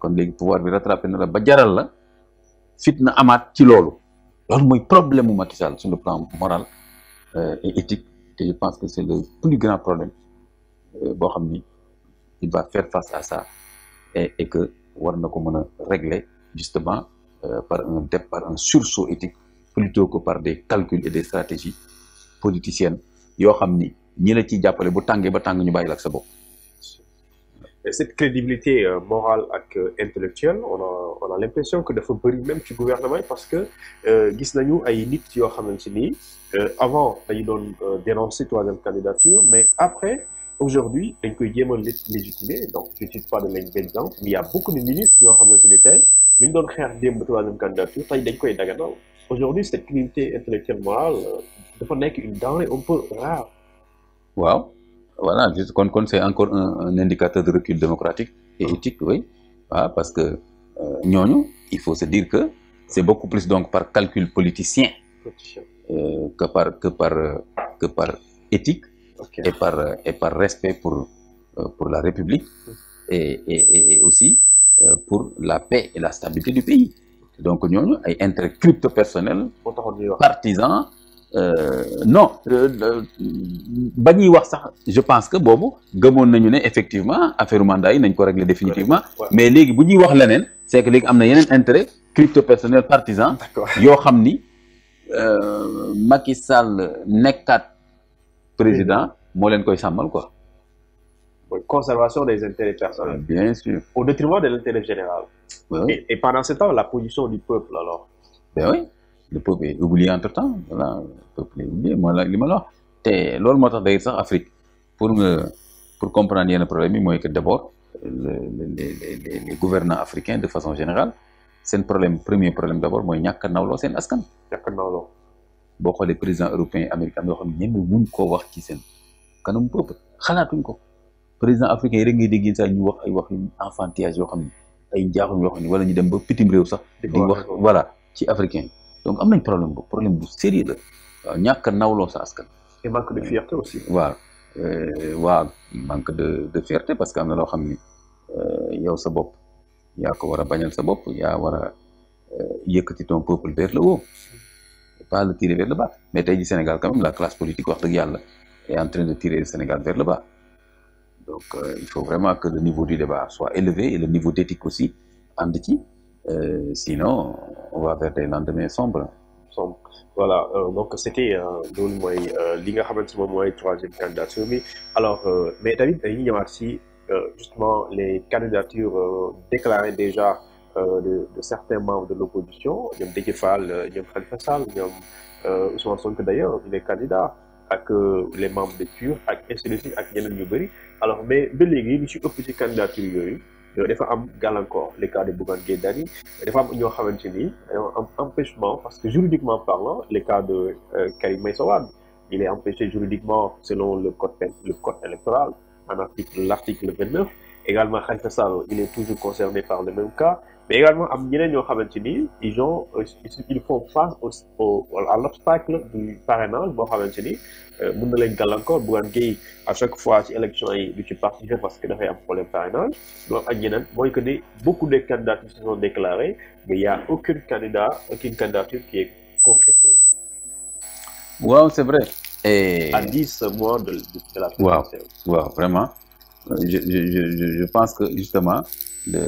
[SPEAKER 2] kon léegi pouvoir bi rattrapé na la ba jaral la fitna amaat ci loolu loolu mooy problème mu Macky Sall sur le plan moral euh, éthique te je pense que c'est le plus grand problème euh, boo xam ni il va faire face à ça. et, et que war na ko mën a régler justement euh, par un par un sursaut éthique plutôt que par des calculs et des stratégies politiciennes yoo xam ni ñi na ciy jàppale bu tàngee ba tàng ñu bàyyi la ak sa bopp.
[SPEAKER 1] cette crédibilité euh, morale ak euh, intellectuelle on a on l'impression que dafa bëri même ci gouvernement yi parce que euh, gis nañu ay nit yoo xamante ni euh, avant dañu doon dénoncer troisième candidature mais après. aujourd'hui dañ koy jéem a légitimer donc je cite pas de lañ il y a beaucoup de ministres ñoo xamante ni tey li ñu doon xeex démb troisième candidature tey dañ koy daganal aujourd'hui cette communauté intellectuelle morale euh, dafa nekk une denrée un peu rare
[SPEAKER 2] waaw voilà juste kon kon c'est encore un, un indicateur de recul démocratique et éthique parce que euh, ñooñu euh, il faut se dire que c'est beaucoup plus donc par calcul politicien euh, que par que par euh, que par éthique okay. et, par, et respect euh, pour, la République mm. et, aussi euh, pour la paix et la stabilité du pays. donc ñooñu ay intérêt crypto personnel. partisan euh, non euh, ba ñuy wax sax je pense que boobu gëmoon nañu ne effectivement affaire mandat yi nañ ko régler définitivement. Ouais. mais léegi bu ñuy wax leneen. c' est que léegi am na yeneen intérêt crypto personnel partisan. yoo xam ni Macky nekkaat. président moo leen koy sàmmal ko
[SPEAKER 1] conservation des intérêts personnels. Ah, bien au détriment de l'intérêt général. pendant ce temps la position du peuple alors.
[SPEAKER 2] ben oui le peuple est oublié entre temps voilà le peuple li ma la te loolu moo tax day sax Afrique pour nga pour comprendre yenn problème yi mooy que d'abord le les africain de façon générale seen problème premier problème d'abord mooy ñàkk a nawloo seen askan. ñàkk a boo xoolee président européen américain yoo xam ne ñeme wuñ koo wax ci seen kanam peuple xalaatuñ ko président africain yi rek ngay dégg saa ñu wax ay wax yu enfantillage yoo xam ne ay njaaxum yoo xam ne wala ñu dem ba pitim réew sax di wax voilà ci africain donc am nañ problème bu problème bu sérieux la waaw ñàkk a sa askan
[SPEAKER 1] et manque de fierté
[SPEAKER 2] aussi waaw euh, waaw manque de de fierté parce que am na loo xam ni euh, yow sa bopp yaa ko war a bañal sa bopp yaa war a euh, yëkkati ton peuple vers le haut pas le tirer le bas mais tey ji Sénégal quand même la classe politique wax dëgg yàlla est en train de tirer le Sénégal vers le bas donc euh, il faut vraiment que le niveau du débat soit élevé et le niveau d'éthique aussi ànd ci euh, sinon on va vers des lendemains sombres
[SPEAKER 1] sombres voilà euh, donc c'était euh, loolu mooy euh, li nga xamante moom mooy troisième candidature bi alors euh, mais tamit dañuy ñëwaat si justement les candidatures déclarées déjà Euh, de de certains membres de l'opposition ñoom Déthié Fall euh, ñoom Khalifa Sall ñoom euh, Ousmane Sonko d'ailleurs il est candidat ak les membres de PUR ak institut ak ñeneen ñu bëri alors mais ba léegi li ci ëpp ci candidature yooyu dafa am gàllankoor les cas de Bougane ñoo xamante ni dañoo am empêchement que juridiquement parlant les cas de Karim Meïssa Wade il est empêché juridiquement selon le code le code électoral en mais également am ñeneen ñoo xamante ni ils ont euh, ils font face à l'obstacle du parrainage boo xamante ni euh, mën na leen gàllankoor Bougane Gueye à chaque fois ci élection yi du ci participer parce que dafay am problème parrainage donc ak ñeneen mooy que ni beaucoup de candidats qui se sont déclarés mais y a aucun candidat aucune candidature qui est confirmée. c'est vrai. à dix mois de la. waaw
[SPEAKER 2] euh, je pense que justement le.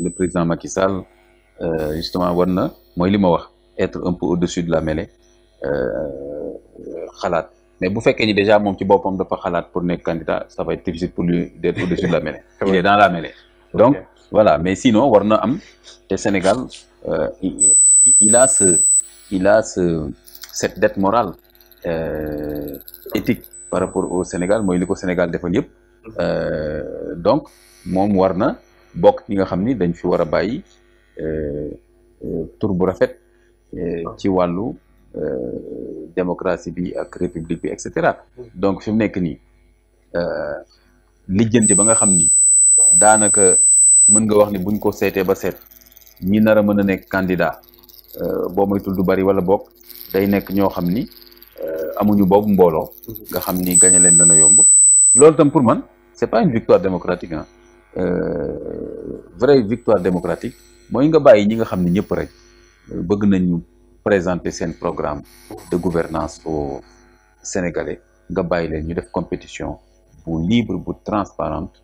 [SPEAKER 2] le président Macky Sall euh, justement war na mooy li ma wax être un peu au-dessus de la mêlée euh, xalaat mais bu fekkee ni déjà moom ci boppam dafa xalaat pour nekk candidat ça difficile pour lui d'être au-dessus de la mêlée *laughs* il dans la mêlée donc voilà mais sinon war na am te Sénégal euh, il a ce cette dette morale éthique par rapport au Sénégal mooy liko ko Sénégal defal yëpp donc moom war na bokk ci nga xam ni dañ fi war a bàyyi euh, euh, tour bu rafet euh, ci wàllu démocratie bi ak république bi et cetera donc fi mu nekk nii lijjanti ba nga xam ni daanaka mën nga wax ni buñ ko seetee ba seet ñi nar a mën a nekk candidat boo moytul du bari wala bokk day nekk ñoo xam ni amuñu boobu mbooloo nga xam ni gañe leen dana yomb loolu tam pour man c'est pas une victoire démocratique Euh, vraie victoire démocratique mooy nga bàyyi ñi nga xam ne ñëpp rek bëgg nañu présenter seen programme de gouvernance au Sénégalais nga bàyyi leen ñu def compétition bu libre bu transparente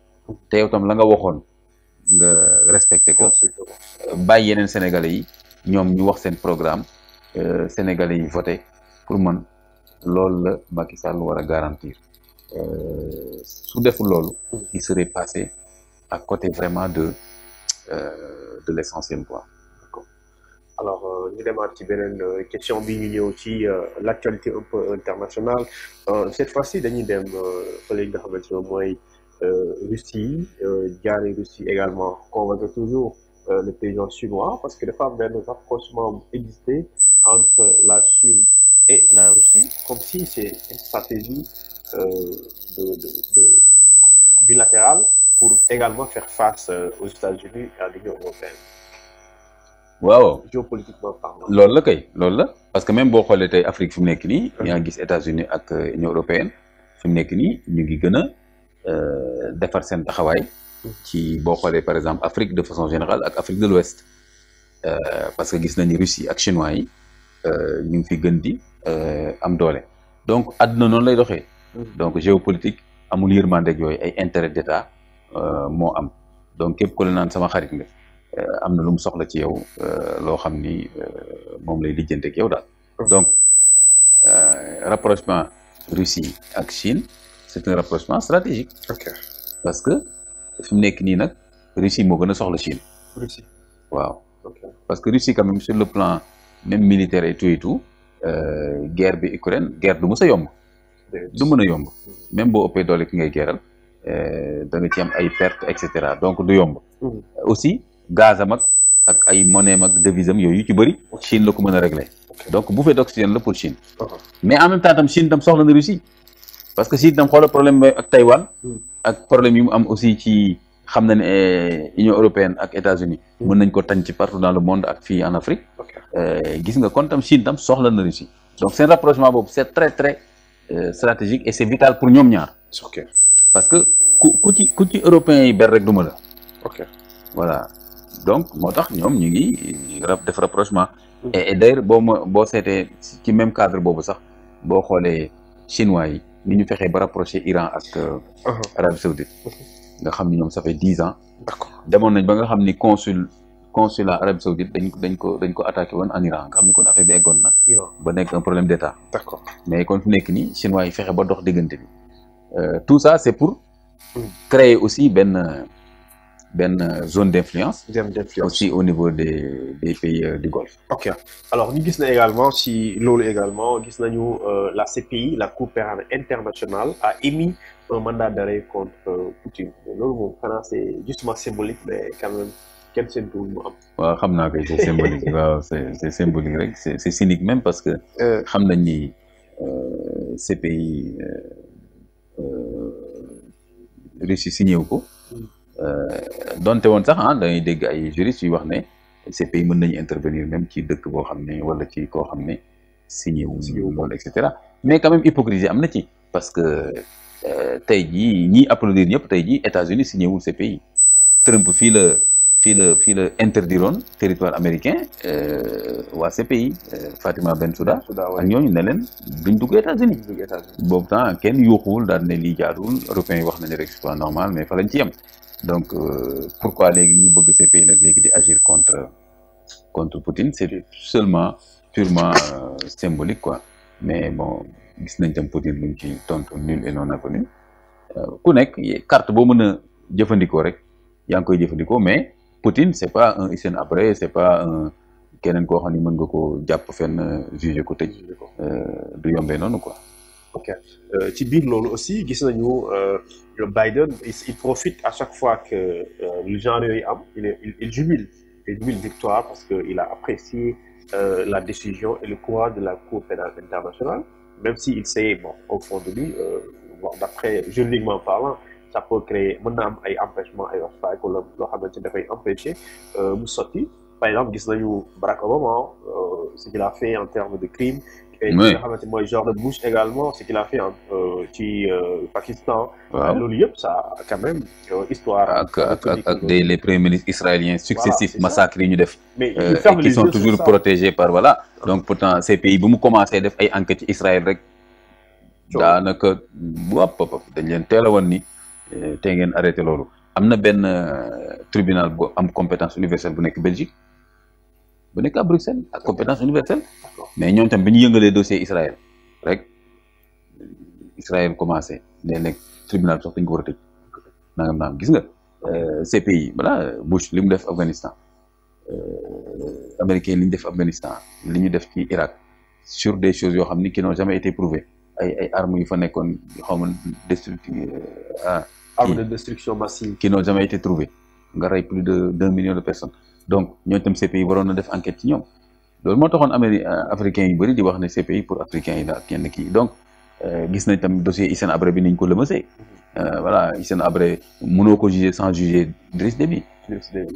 [SPEAKER 2] te yow tam la nga waxoon nga respecté ko bàyyi yeneen Sénégalais yi ñoom ñu wax seen programme euh, Sénégalais yi voté pour man loolu la Macky Sall war a garantir euh, su deful loolu il serait passé à côté vraiment de euh, de l'essentiel quoi d'accord
[SPEAKER 1] alors euh, ñu demaat ci beneen euh, question bi ñu ñëw ci euh, l'actualité un peu internationale cette fois-ci dañuy dem fële nga xamante ne mooy Russie jaari Russie également convaincre toujours le président chinois parce que dafa am benn rapprochement existé entre la Chine et la Russie comme si c'est une stratégie de également faire face euh, aux États-Unis et à loolu
[SPEAKER 2] la kay loolu la parce que même boo xoolee tey Afrique fi mu nekk nii. yaa gis États-Unis ak euh, Union européenne fi mu nekk nii ñu ngi gën a euh, defar seen taxawaay. ci boo xoolee par exemple Afrique de façon générale ak Afrique de l'Ouest euh, parce que gis ni Russie ak Chinois yi ñu ngi fi gën di am doole. donc àdduna noonu lay doxee. Mm-hmm. donc géopolitique amul yërmandeeg yooyu ay intérêt d'État Euh, moo am donc képp ku la naan sama xarit nga euh, am na lu mu soxla ci yow euh, loo xam ni moom lay lijjante ak yow daal donc rapprochement Russie ak Chine c'est un rapprochement stratégique parce que fi mu nekk nii nag Russie moo gën a soxla Chine Russie waaw parce que Russie quand même sur le plan même militaire et tout et guerre bi Ukraine guerre du mës a yomb du mun a yomb même boo ëppee doole ki ngay geeral Euh, da nga ci am ay perte et cetera donc du yomb. Hmm. aussi gaz am ak ay monnaie am ak devise am yooyu yu ci bëri. Chine la ko mën a régler. donc bouffée d'oxygène la pour Chine. Uh-huh. mais en même temps tam Chine tam soxla na Russie. parce que Chine tam xoolal problème ak Taïwan. Hmm. ak problème yi mu am aussi ci xam na ne eh, Union européenne ak États-Unis hmm. mën nañ ko tañ ci partout dans le monde ak fii en Afrique. Eh, gis nga kon tam Chine tam soxla na Russie. donc seen rapprochement boobu c'est très très euh, stratégique et c'est pour ñoom ñaar. ku ci européens yi ber rek duma la. ok voilà donc moo tax ñoom ñu ngi def rapprochement. Mm. et d'ailleurs boo ma boo seetee ci même cadre boobu sax boo xoolee chinois yi ni ñu fexe ba rapproché Iran ak. Euh, uh-huh. Arabie Saoudite nga xam ni ñoom ça fait dix ans. d'accord demoon nañ ba nga xam ni consul. consulat Arabie Saoudite dañ dañ ko dañ ko attaqué woon en Iran nga xam ne kon affaire bi eggoon na ba nekk un problème d'état d'accord mais kon fu nekk nii chinois yi fexe ba dox diggante bi euh, tout ça c'est pour créer aussi benn benn zone d'influence. zone d'influence aussi au niveau des des pays euh, du Golfe.
[SPEAKER 1] ok alors ñu gis na également si loolu également gis nañu euh, la CPI la Cour pénale internationale a émis un mandat d'arrêt contre euh, Poutine loolu moom xanaa c'est justement symbolique mais quand même kenn seen tool mu am.
[SPEAKER 2] waaw xam naa que c'est symbolique *laughs* waaw c'est cynique même parce que. xam nañ ni CPI. Russie si ñëw ko euh, donte woon sax ah dañuy dégg ay juristes yu wax ne ces pays mën nañu intervenir même ci dëkk boo xam ne wala ci koo xam ne si wu signé wu wala et mais quand même hypocrisie am na ci parce que euh, tey jii ñiy applaudir ñëpp tey jii États-Unis signé wul ces pays Trump fii la fii la interdiroon territoire américain euh, waa CPI euh, Fatima Bensouda ak ñooñu ne leen duñ dugg États-Unis boobu temps kenn yuuxuwul daal ne lii jaaduwul européens yi wax nañu rek c'est normal mais fa lañ ci yem donc euh, pourquoi léegi ñu bëgg CPI nag léegi di agir contre contre Poutine c'est seulement purement symbolique quoi mais bon gis nañ tam Poutine luñ ci tontu nul et non avenu ku nekk carte boo mën a jëfandikoo rek yaa koy jëfandikoo mais Poutine c'est pas un Hissène Habré c'est pas un keneen koo xam ne mën nga koo jàpp fenn jugé ko tëj euh, du yombee noonu quoi
[SPEAKER 1] ok euh, ci biir loolu aussi gis nañu euh, Biden il profite à chaque fois que le genre yooyu am il il jubile il victoire parce que a apprécié la décision et le courage de la Cour pénale internationale même si il sait bon au de lui d'après juridiquement parlant ca peut créer mën na am ay empêchement ay obstacle wala loo xamante ni dafay empêcher euh, mu sotti par exemple gis nañu Barack Obama euh, ce qu'il la fait en termes de crime et nga xamante mooy George Bush également ce qu'il a fait euh, ci Pakistan loolu yëpp ça quand même histoire ak ak
[SPEAKER 2] ak des les premiers ministres israéliens successifs massacres yi ñu def mais qui sont toujours protégés par voilà donc pourtant ces pays bu mu commencé def ay enquêtes ci Israël rek daanaka wàpp dañ leen teel a woon ni Euh, tey ngeen arrêté loolu am na benn euh, tribunal bu am compétence universelle bu nekk Belgique bu nekk à Bruxelles ak compétence universelle mais ñoom tam bi ñu yëngalee dossier Israël rek Israël commencé day nekk tribunal bi sax dañ ko war a tëj nangam naam gis nga euh, CPI voilà Bush li mu def Afghanistan américain li ñu def Afghanistan li ñu def ci Irak sur des choses yoo xam ni qui n'ont jamais été prouvées ay ay yu fa nekkoon xaw ma destructive ah,
[SPEAKER 1] arme de destruction massive
[SPEAKER 2] qui n'ont jamais été trouvée nga rey plus de deux millions de personnes donc ñooñu tam CPI waroon na def enquête ci ñoom loolu moo taxoon Amérique euh, africains yu bëri di wax ne CPI pour africains yi la ak yenn kii donc euh, gis nañ tam dossier Hissène Habré bi niñ ko lëmasee mm-hmm. euh, voilà Hissène Habré mënoo ko juger sans juger Driss Déby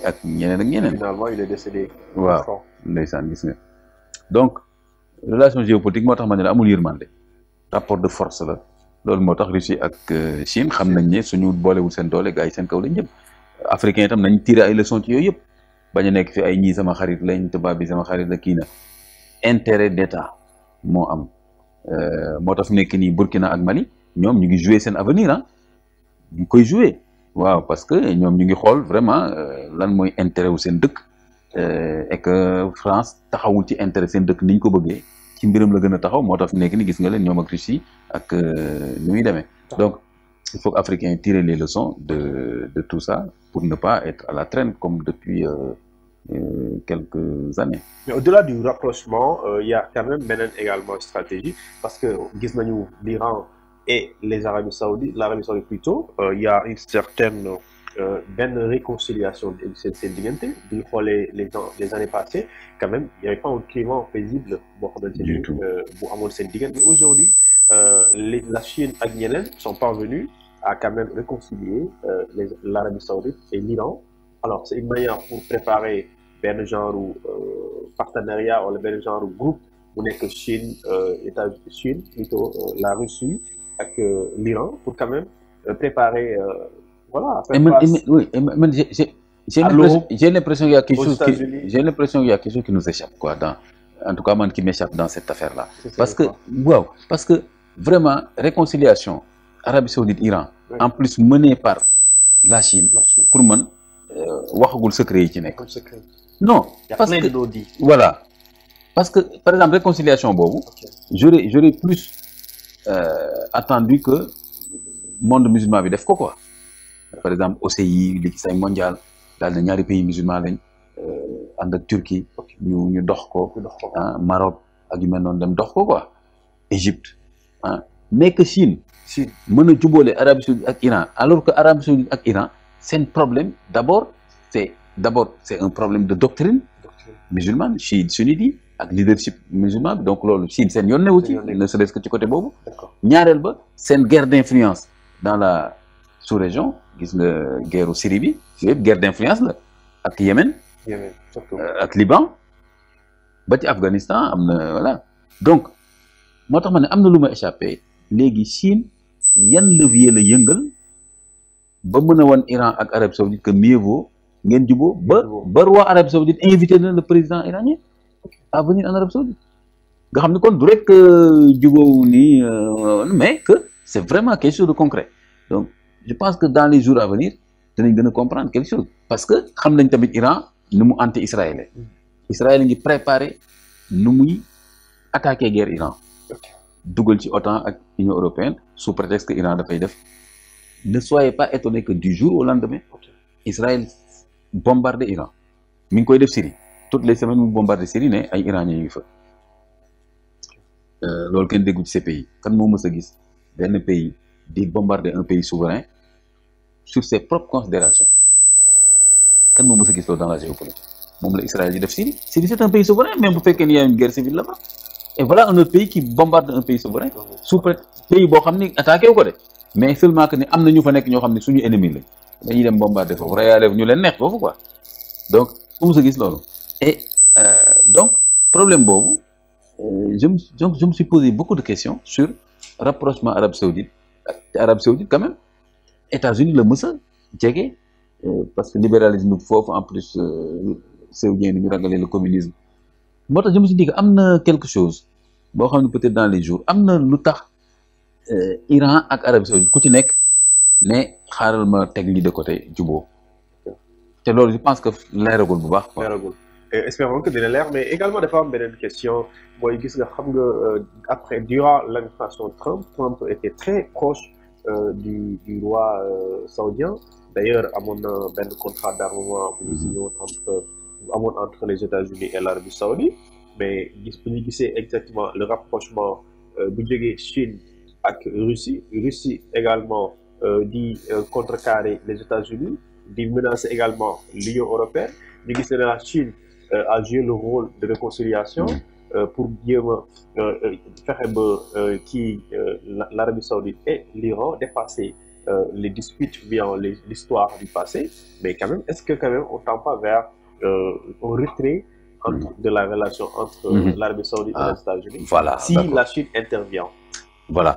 [SPEAKER 2] ak ñeneen ak ñeneen
[SPEAKER 1] finalement il est décédé waaw
[SPEAKER 2] ndeysaan gis nga donc relation géopolitique moo tax ma ne la amul yërmande rapport de force la loolu moo tax Russie ak euh, Chine xam nañ ne suñu boolewul seen doole gars yi seen kaw lañ jëm africain itam nañ tiré ay le ci yooyu yëpp bañ a nekk fi ay ñii sama xarit lañ tubaab bi sama xarit la kii na intérêt d'état moo am euh, moo tax nekk nii Burkina ak Mali ñoom ñu ngi jouer seen avenir ah ñu ngi koy jouer waaw parce que ñoom ñu ngi xool vraiment euh, lan mooy intérêt wu seen dëkk et que France taxawul ci intérêt seen dëkk ni ko bëggee ci la gën a taxaw moo tax fi nekk ni gis nga leen ñoom ak Russie ak euh, ni muy demee donc il africain que yi tirent les leçons de de tout ça pour ne pas être à la traîne comme depuis euh, euh, quelques années.
[SPEAKER 1] mais au-delà du rapprochement euh, il euh, y beneen également stratégie parce que gis nañu l'Iran et les Arabies Saoudites l'Arabie Saoudite plutôt euh, il ya a une certaine. Euh, benn réconciliation seen seen diggante bu ñu xoolee les les années passées quand même il y pas un climat paisible boo xamante ni euh, bu amoon seen diggante mais aujourd'hui euh, les la Chine ak ñeneen sont parvenus à quand même réconcilier les l'Arabie Saoudite et l'Iran alors c'est une manière pour préparer benn genre partenariat wala benn genre groupe bu nekk Chine état Chine plutôt la Russie ak l'Iran pour quand même préparer Voilà. Et man, et oui, j'ai l'impression
[SPEAKER 2] qu'il y qui, nous échappe, quoi, dans, en tout cas, moi qui m'échappe dans cette affaire-là. Parce que, parce que vraiment, réconciliation, Arabie Saoudite, Iran, oui. en plus menée par la Chine, la pour man euh, waxagul secret yi ci nekk. non parce que voilà parce que par exemple réconciliation boobu. j'aurais j'aurais plus euh, attendu que monde musulman bi def ko quoi. par exemple OCI Ligue islamique mondial daal na ñaari pays musulman lañ euh, ànd ak Turquie ñu ñu dox ko ah ak yu mel noonu dem dox ko quoi Égypte ah mais que Chine Chine mën a jubóole Arabie Saoudite ak Iran alors que Arabie Saoudite ak Iran seen problème d' abord c' est d' abord c' est un problème de doctrine musulmane chiite sunnite yi ak leadership musulman bi donc loolu Chine seen yoon newu ci ne serait-ce que coté côté boobu ñaareel ba seen guerre d' influence dans la sous-région gis nga guerru Syrie bi yëpp guerre d'influence la ak Yémen euh, ak Liban ba ci Afghanistan am na voilà donc moo tax ma ne am na lu ma échappé léegi Chine yan levier la yëngal ba mën a wan Iran ak Arabie Saoudite que mieux vaut ngeen juboo ba ba roi Arabie Saoudite invité na le président iranien à venir en Arabie nga xam ne kon du rek euh, juboowu nii euh, mais que c'est vraiment quelque chose de concret je pense que dans les jours à venir danañ gën a comprendre quelque chose parce que xam nañ tamit Iran nu mu anti israélien Israël ngi préparé nu muy attaqué guerre Iran dugal ci OTAN ak Union européenne sous prétexte que Iran dafay def ne soyez pas étonné que du jour au lendemain Israël bombarde Iran mi ngi koy def Syrie toutes les semaines mu bombarde Syrie ne ay Iraniens yu fa euh, loolu kenn déggu ci ces pays kan moo mës a gis benn pays di bombarde un p souverain sur ses propres considérations kan moo mës a gis loolu dans la géopolitique moom la Israël di def Syrie Syrie c'est un pays souverain même bu fekkee ni y a une guerre civile là-bas et voilà un autre pays qui bombarde un pays souverain sous prétexte pays boo xam ni attaqué wu ko de mais seulement que ni am na ñu fa nekk ñoo xam ne suñu ennemi lañ dañuy dem bombarder foofu rayaale ñu leen neex foofu quoi donc ku mës gis loolu et euh, donc problème boobu euh, je me donc je me suis posé beaucoup de questions sur rapprochement arabe saoudite euh, États-Unis la mës a jege euh, parce que libéralisme foofu en plus euh, saoudien ni ñu ragalee le communisme moo tax je si suis am na quelque chose boo xam ne peut-être dans les jours am na lu tax euh, Iran ak Arabie saoudite ku ci nekk ne xaaral ma teg lii de côté juboo te loolu je pense que leeragul bu baax
[SPEAKER 1] leeragul espérons que dina leer beneen question mooy gis nga xam nga après durant l'administration était très proche Euh, du, du roi euh, saoudien d'ailleurs amoon na benn contrat d'armement bu ñu signé woon entre euh, amoon entre les États-Unis et l'Arabie saoudite mais gis bu ñu gisee exactement le rapprochement bu jógee Chine ak Russie Russie également di contrecarrer les États-Unis di menacer également l'Union européenne ñu gis ne la Chine a joué le rôle de réconciliation Euh, pour jéem a euh, fexe ba euh, kii l'Arabie saoudite et l'Iran dépasser les disputes via l'histoire du passé mais quand même est-ce que quand même on tend pas vers un retrait entre mm-hmm. de la relation entre mm-hmm. l'Arabie saoudite et ah, les États-Unis voilà si la Chine intervient
[SPEAKER 2] voilà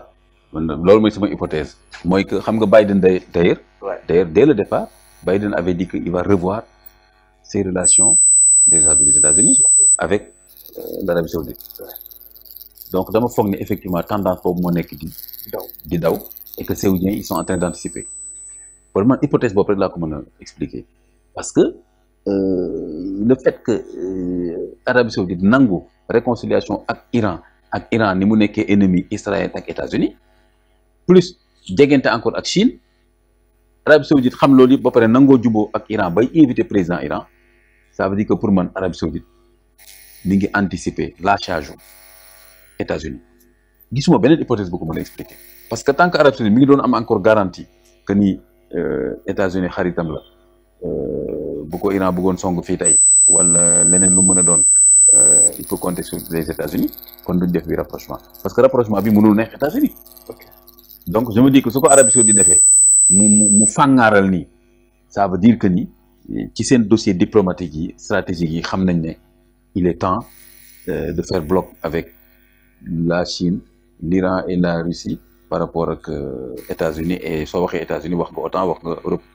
[SPEAKER 2] loolu mooy sama hypothèse mooy que xam nga Biden d'ailleurs d'ailleurs dès le départ Biden avait dit que il va revoir ses relations déjà avec unis l'Arabie Saoudite donc dama foog ne effectivement tendance boobu moo nekk di daw di que saoudiens ils sont en d'anticiper pour man hypothèse boobu rek ko mën expliquer parce que euh, le fait que euh, Arabie Saoudite nangu réconciliation ak Iran ak ni mu nekkee ennemi Israël ak États-Unis plus jegante encore ak Chine Arabie Saoudite xam loolu yëpp ba pare nangoo juboo ak Iran bay invité président Iran ça que pour man Arabie Saoudite ni ngi anticiper lâchage États-Unis gisuma beneen hypothèse bu ko mën a expliquer parce que tant que Arabie Saoudite mi ngi doon am encore garantie que nii euh, États-Unis xaritam la euh, bu ko Iran bëggoon song fii tey wala leneen bu mën a doon euh, il faut compter sur les États-Unis kon duñ def bi rapprochement parce que rapprochement bi mënul neex États-Unis donc je me dis que su ko Arabie Saoudite di defee mu mu fàngaaral nii ça veut dire que nii ci seen dossier diplomatique yi stratégique yi xam nañ ne. il est temps euh, de faire bloc avec la Chine l'Iran et la Russie par rapport ak euh, États-Unis et soo waxee États-Unis wax nga OTAN wax nga Europe.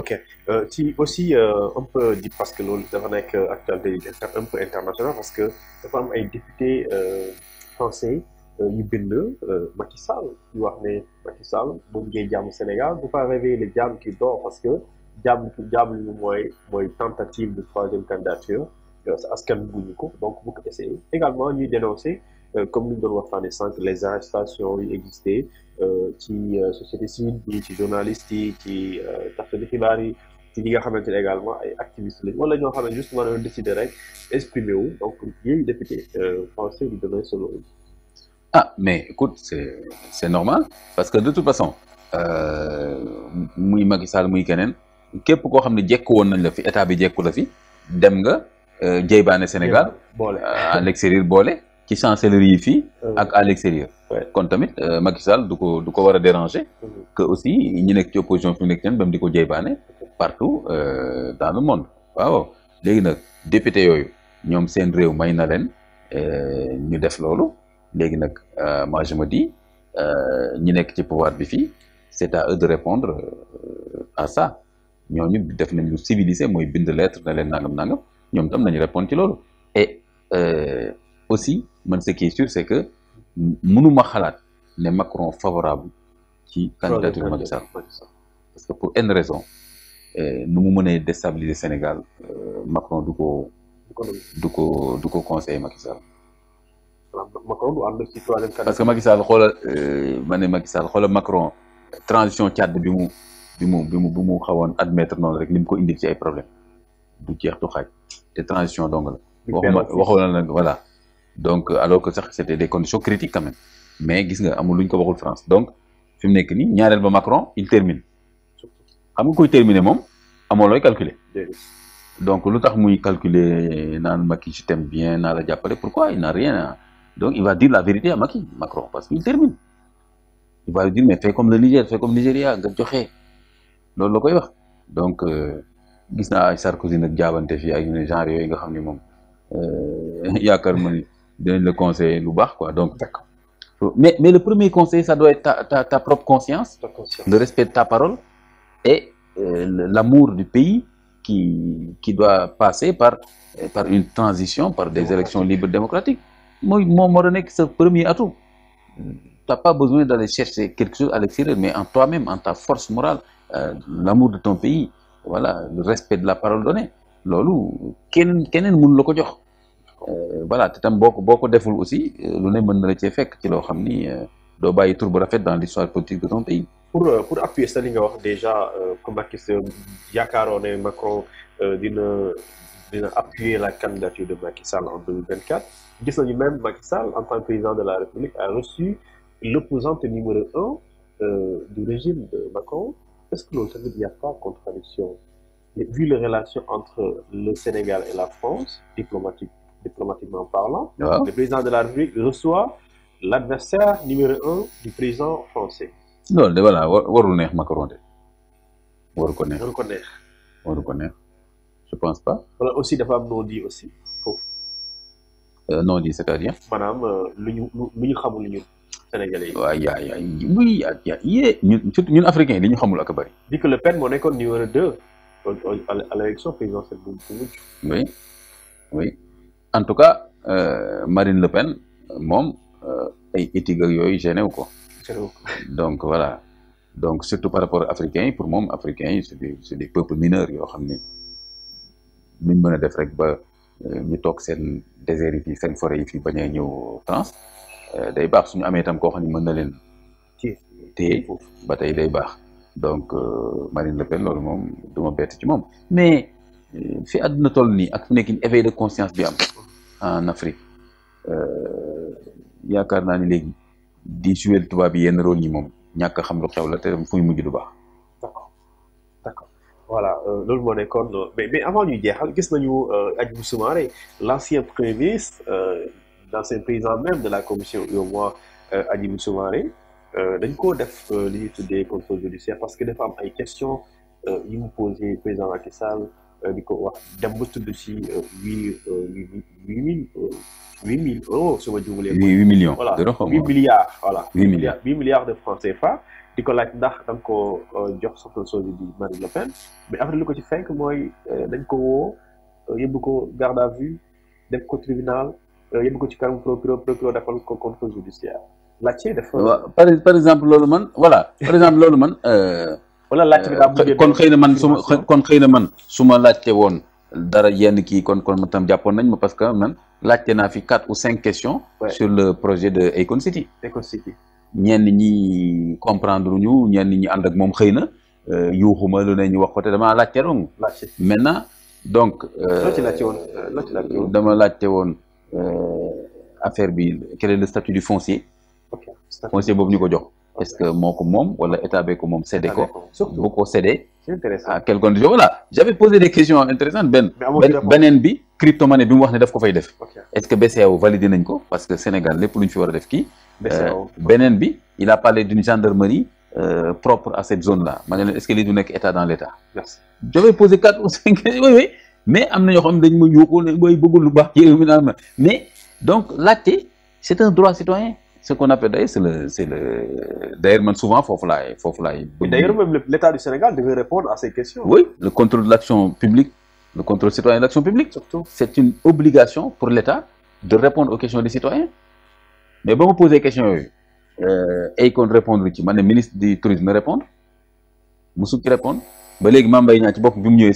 [SPEAKER 1] ok euh, ci euh, aussi un peu di parce que loolu dafa nekk actualité un internationale parce que dafa am ay député euh, français yu bind Macky Sall yu wax ne Macky Sall bu qui dort parce que diable diable bi mooy tentative de troisième candidature. Euh, askan buñu ko donc bu ko essayé également ñuy dénoncer euh, comme ni ñu doon waxtaanee sànq les arrestations yu existé euh, ci société civile bi ci journalistes yi li xibaar yi ci ñi nga xamante ne également ay activistes lañ wala ñoo xam ne justement dañoo décider rek exprimer wu donc yooyu député français du domaine solo
[SPEAKER 2] ah mais écoute c'est c'est normal parce que de toute façon muy Macky Sall muy keneen képp koo xam ne jekk woon nañ la fi état bi jekku la fi dem nga Jeybaane euh, Sénégal. boole euh, à boole. ci chancellerie yi fii. ak à kon tamit euh, Macky Sall du ko du ko war a déranger. Mm-hmm. que aussi ñi nekk ci opposition fi mu nekk ba mu di ko jeybaane partout dans le monde waaw léegi nag député yooyu ñoom seen réew may na leen ñu def loolu léegi nag moi je me dis ñi nekk ci pouvoir bi fii c'est à eux de répondre à ça ñooñu def nañ lu civilisé mooy bind lettre na leen nangam nangam. ñoom tam nañu répondre ci loolu et euh, aussi man ce qui est sûr c'est que mënuma xalaat ne Macron favorable ci candidature Macky Sall parce que pour une raison euh, euh, du ko ko du ko conseiller Macky Sall parce que Macky Sall xoola ma ne Macky Sall xoola Macron transition Tchad bi mu bi mu bi xawoon admettre noonu rek li mu ko indil ay problème du jeex du xaaj te transition donc la. waxuma waxoon na voilà. donc alors que sax c' était des conditions critiques mais gis nga amul lu ñu ko waxul France donc fi mu nekk nii ñaareel ba Macron il termine xam nga kuy terminer moom amoo looy calculer. donc lu tax muy calculer naan Macky je bien naa la jàppale pourquoi il n'a rien à... donc il va dire la vérité à Macky Macron parce qu'il termine il va dire mais fais comme le Nigeria nga joxe loolu la koy wax donc. Euh, gis naa ay Sarkozy nag jaabante fii ak yeneen genre nga xam ne moom euh, *laughs* yaakaar ma ni dinañ la conseiller lu baax quoi donc. d'accord mais le premier conseil ça doit être ta propre conscience. le respect de ta parole et euh, l'amour du pays qui qui doit passer par par une transition par des élections libres démocratiques mooy moom moo doon nekk sa premier atout. t'as pas besoin d'aller chercher quelque chose à l'extérieur mais en toi-même en ta force morale euh, l'amour de ton pays. voilà le respect de la parole donnée loolu kenn keneen mun la ko jox euh, voilà te boo ko boo ko deful aussi euh, lu ne mën na la cee fekk ci loo xam ni euh, doo bàyyi tur bu rafet dans l'histoire politique de ton pays.
[SPEAKER 1] pour pour appuyer sa li nga wax déjà comme Macky Sall yaakaaroon ne Macron dina dina appuyer la candidature de Macky Sall en 2024 gis nañu même Macky Sall en tant que président de la République a reçu l'opposante numéro un euh, du régime de Macron est-ce que loolu tamit y a pas contradiction vu les relations entre le Sénégal et la France diplomatique diplomatiquement parlant ah. le président de la République reçoit l'adversaire numéro un du président français
[SPEAKER 2] loolu de voilà warul neex Macron de pense pas
[SPEAKER 1] voilà aussi dafa am non dit aussi
[SPEAKER 2] euh, non dit cest dire
[SPEAKER 1] maanaam euh, lu ñu Sénégalais yi. waaw yaa yaa oui
[SPEAKER 2] ñun surtout yi li ñu xamul ak a bëri.
[SPEAKER 1] di que Le Pen moo nekkoon numéro deux à l'élection présidentielle
[SPEAKER 2] en tout cas euh, Marine Le Pen moom euh, ay éthique yooyu gêné wu ko. donc voilà donc surtout par rapport africain yi pour moom africains yi c'est des c'est des peuples yoo xam ni luñ mën a def rek ba euh, ñu toog seen désert yi fii seen forêt yi fii bañ ñëw France. Euh, day baax suñu amee tam ko xam ne mën na leen téye ba tey day baax donc euh, Marine Le Pen loolu moom du bett ci moom mais euh, fi àdduna toll nii ak fu nekk éveil de conscience bi am en Afrique yaakaar naa ni léegi di jouer tubaab yi yenn rôle yi moom ñàkk xam lu xew la te fu ñu mujj du baax
[SPEAKER 1] voilà loolu moo nekkoon mais mais avant ñu jeexal gis nañu Hadjibou Soumaré la premier ministre d'anciens présidents même de la commission UEMOA Hadjibou euh, Soumaré euh, dañ koo def euh, li ñuy tuddee contrôle judiciaire parce que dafa am ay question yi mu posé président Macky Sall di ko wax dem ba tudd ci huit huit mille huit mille euros su ma jubalee. huit millions de doxam voilà huit milliards. voilà huit milliards huit milliards di ko laaj ndax da nga koo jox soxna Sonia di Marine Le Pen mais après li ko ci fekk mooy dañ ko woo yóbbu ko garde à vue def ko tribunal. Eh, yóbbu ko ci kanam procureur procureur defal ko contrôle judiciaire laajte
[SPEAKER 2] par exemple loolu man voilà par exemple loolu man. Euh, wala laajte bi kon xëy na man su ma kon xëy na man su ma laajte woon dara yenn kii kon kon tam jàppoon nañ ma parce que man laajte naa fi quatre ou cinq questions. sur le projet de Akon City. Akon City. ñenn ñi comprendre ñu ñenn ñi ànd ak moom xëy na euh, yuuxuma lu ne ñu wax ko te damaa laajte dong. maintenant donc. Euh, loo ci laajte woon dama laajte woon. Euh, affaire bi quel est le statut du foncier. foncier boobu ñu ko jox. est-ce que moo ko moom wala état bee moom séddee ko. Ah, surtout ko séddee. c'est intéressant à des questions intéressantes beneen bi crypto-monnaie bi mu wax ne daf ko fay def. est-ce que BCEAO validé nañ ko parce que Sénégal lépp lu ñu fi war a def kii. Euh, beneen bi il a parlé d'une gendarmerie. Euh, propre à cette zone-là ma est-ce que lii du nekk état dans l'état. merci j'avais quatre ou cinq oui oui. mais am na ñoo xam ne dañ ma yuuxu ne mooy lu baax ci réew mi naan ma mais donc laajte c'est un droit citoyen ce qu'on appelle d'ailleurs c'est le c'est man souvent foofu laay foofu laay. d'ailleurs
[SPEAKER 1] même l'État du Sénégal devait répondre à ces questions. oui
[SPEAKER 2] le contrôle de l'action publique le contrôle citoyen de l'action publique. c'est une obligation pour l'État de répondre aux questions des citoyens mais ba ma posé question yooyu. Euh, Akon répondre ci ma ministre du tourisme na répondre musu ci répondre ba léegi Mame Mbaye Niang ci bopp bi mu ñëwee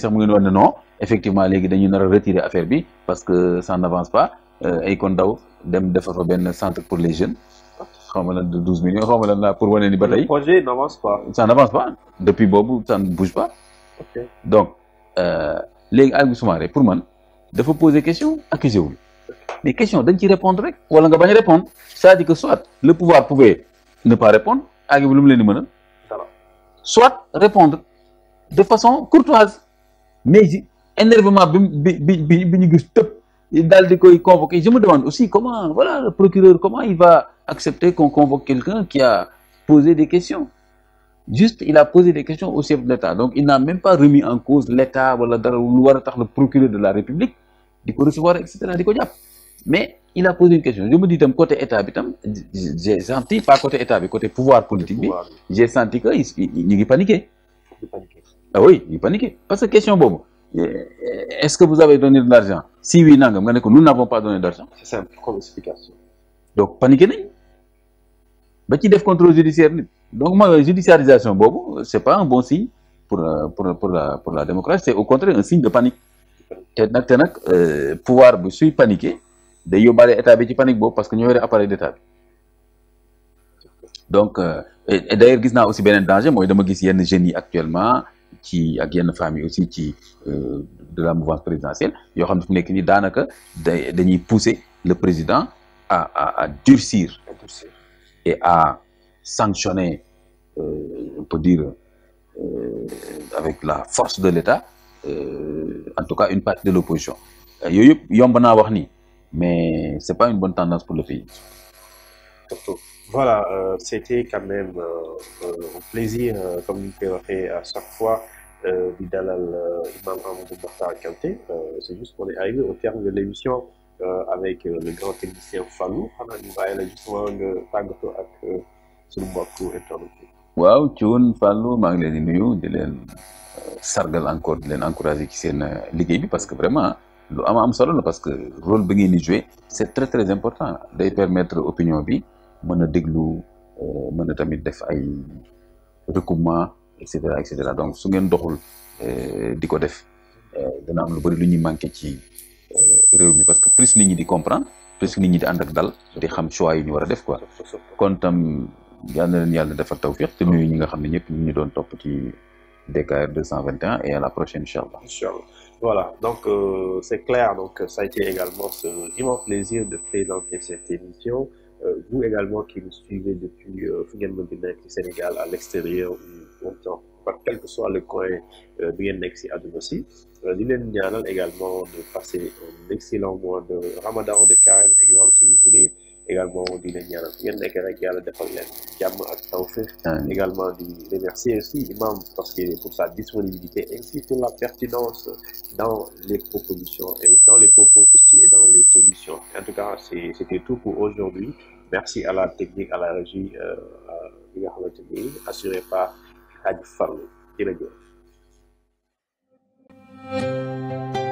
[SPEAKER 2] effectivement léegi dañu nar a retirer affaire bi parce que ça n'avance pas euh, ay kon daw dem defar fa benn centre pour les jeunes xaw ma lan de douze millions xaw ma lan la pour wane ni ba tey.
[SPEAKER 1] n'avance pas.
[SPEAKER 2] depuis boobu ça ne bouge pas. ok donc euh, léegi Aliou Soumaré pour man dafa poser question accusé wul mais question dañ ci répondre rek wala nga bañ a répondre c'est-à-dire que soit le pouvoir pouvait ne pas répondre Aliou lu mu leen di mën a. soit répondre de énervement bi bi bi bi ñu gis tëb daal di koy convoquer je me demande aussi comment voilà le procureur comment il va accepter qu'on convoque quelqu'un qui a posé des questions juste il a posé des questions au chef de l'État donc il n'a même pas remis en cause l'État wala dara lu war a le procureur de la République di ko recevoir et cetera di ko jàpp mais il a posé une question je me dis tam côté état bi tam j'ai senti pas côté état bi côté pouvoir politique bi j'ai senti que ah que question boobu
[SPEAKER 1] est-ce
[SPEAKER 2] que vous avez donné de l'argent si oui nangam nga ne ko nous n'avons pas donné d'argent c'est simple donc paniqué nañ ba ci def contrôle judiciaire nit donc mooy judiciarisation boobu c'est pas un bon signe pour pour pour la la démocratie c'est au contraire un signe de panique te nag te nag euh, pouvoir bi suy paniqué day yóbbaale état bi ci panique boobu parce que ñoo yore appareil d'état bi donc euh, d'ailleurs gis naa aussi beneen danger mooy dama gis yenn jeunes yi actuellement ci ak yenn femmes yi aussi ci euh, de la mouvance présidentielle yoo xam ne fu nekk nii daanaka da dañuy pousser le président à à à durcir et à sanctionner euh, on peut dire euh, avec la force de l'État en tout cas une partie de l'opposition yooyu yëpp yomb naa wax ni mais c'est pas une bonne tendance pour le pays
[SPEAKER 1] Voilà, euh, c'était quand même euh, euh un plaisir, euh, comme nous à chaque fois, du euh, Dalal euh, Imam Amadou Bakhtar Kanté. C'est juste qu'on est arrivé au terme de l'émission avec le grand technicien Fallou. xanaa ñu bàyyi la justement nga tàggatoo ak suñu mbokku internet yi.
[SPEAKER 2] waaw Thion Fallou maa ngi leen di nuyu di leen sargal encore leen encourager ci seen liggéey bi parce que vraiment. lu am am solo parce que rôle bi ngeen di joué c'est très très important day permettre opinion bi mën na déglu euh, mën na tamit def ay recoupement et cetera et donc su ngeen doxul euh, di ko def euh, dana am lu bëri lu ñuy manqué ci réew mi parce que plus nit ñi di comprendre plus nit ñi di ànd ak dal di xam choix yi ñu war a def quoi kon tam yal na leen yàlla defal tawfiq te nuyu ñi nga xam ne ñëpp ñu ngi doon topp ci DKR 221 et à la prochaine
[SPEAKER 1] incha allah. voilà donc euh, c'est clair donc ça a été également ce immense plaisir de présenter cette émission. Euh, vous également qui nous suivez depuis fu ngeen mën di ci Sénégal à l'extérieur ou autant quel que soit le coin euh, bi ngeen nekk ci àdduna si euh, di leen ñaanal également de passer un excellent mois de Ramadan de Carême également si vous voulez également di leen ñaanal fu ngeen nekk rek yàlla defal leen jàmm ak tawfeex également di remercier aussi imam parce que pour sa disponibilité ainsi que la pertinence dans les propositions et dans les émission. En c'était tout pour aujourd'hui. Merci à la technique, à la régie, euh, à Liga Hamatini, assurée par Hadj Farlou. Jërëjëf.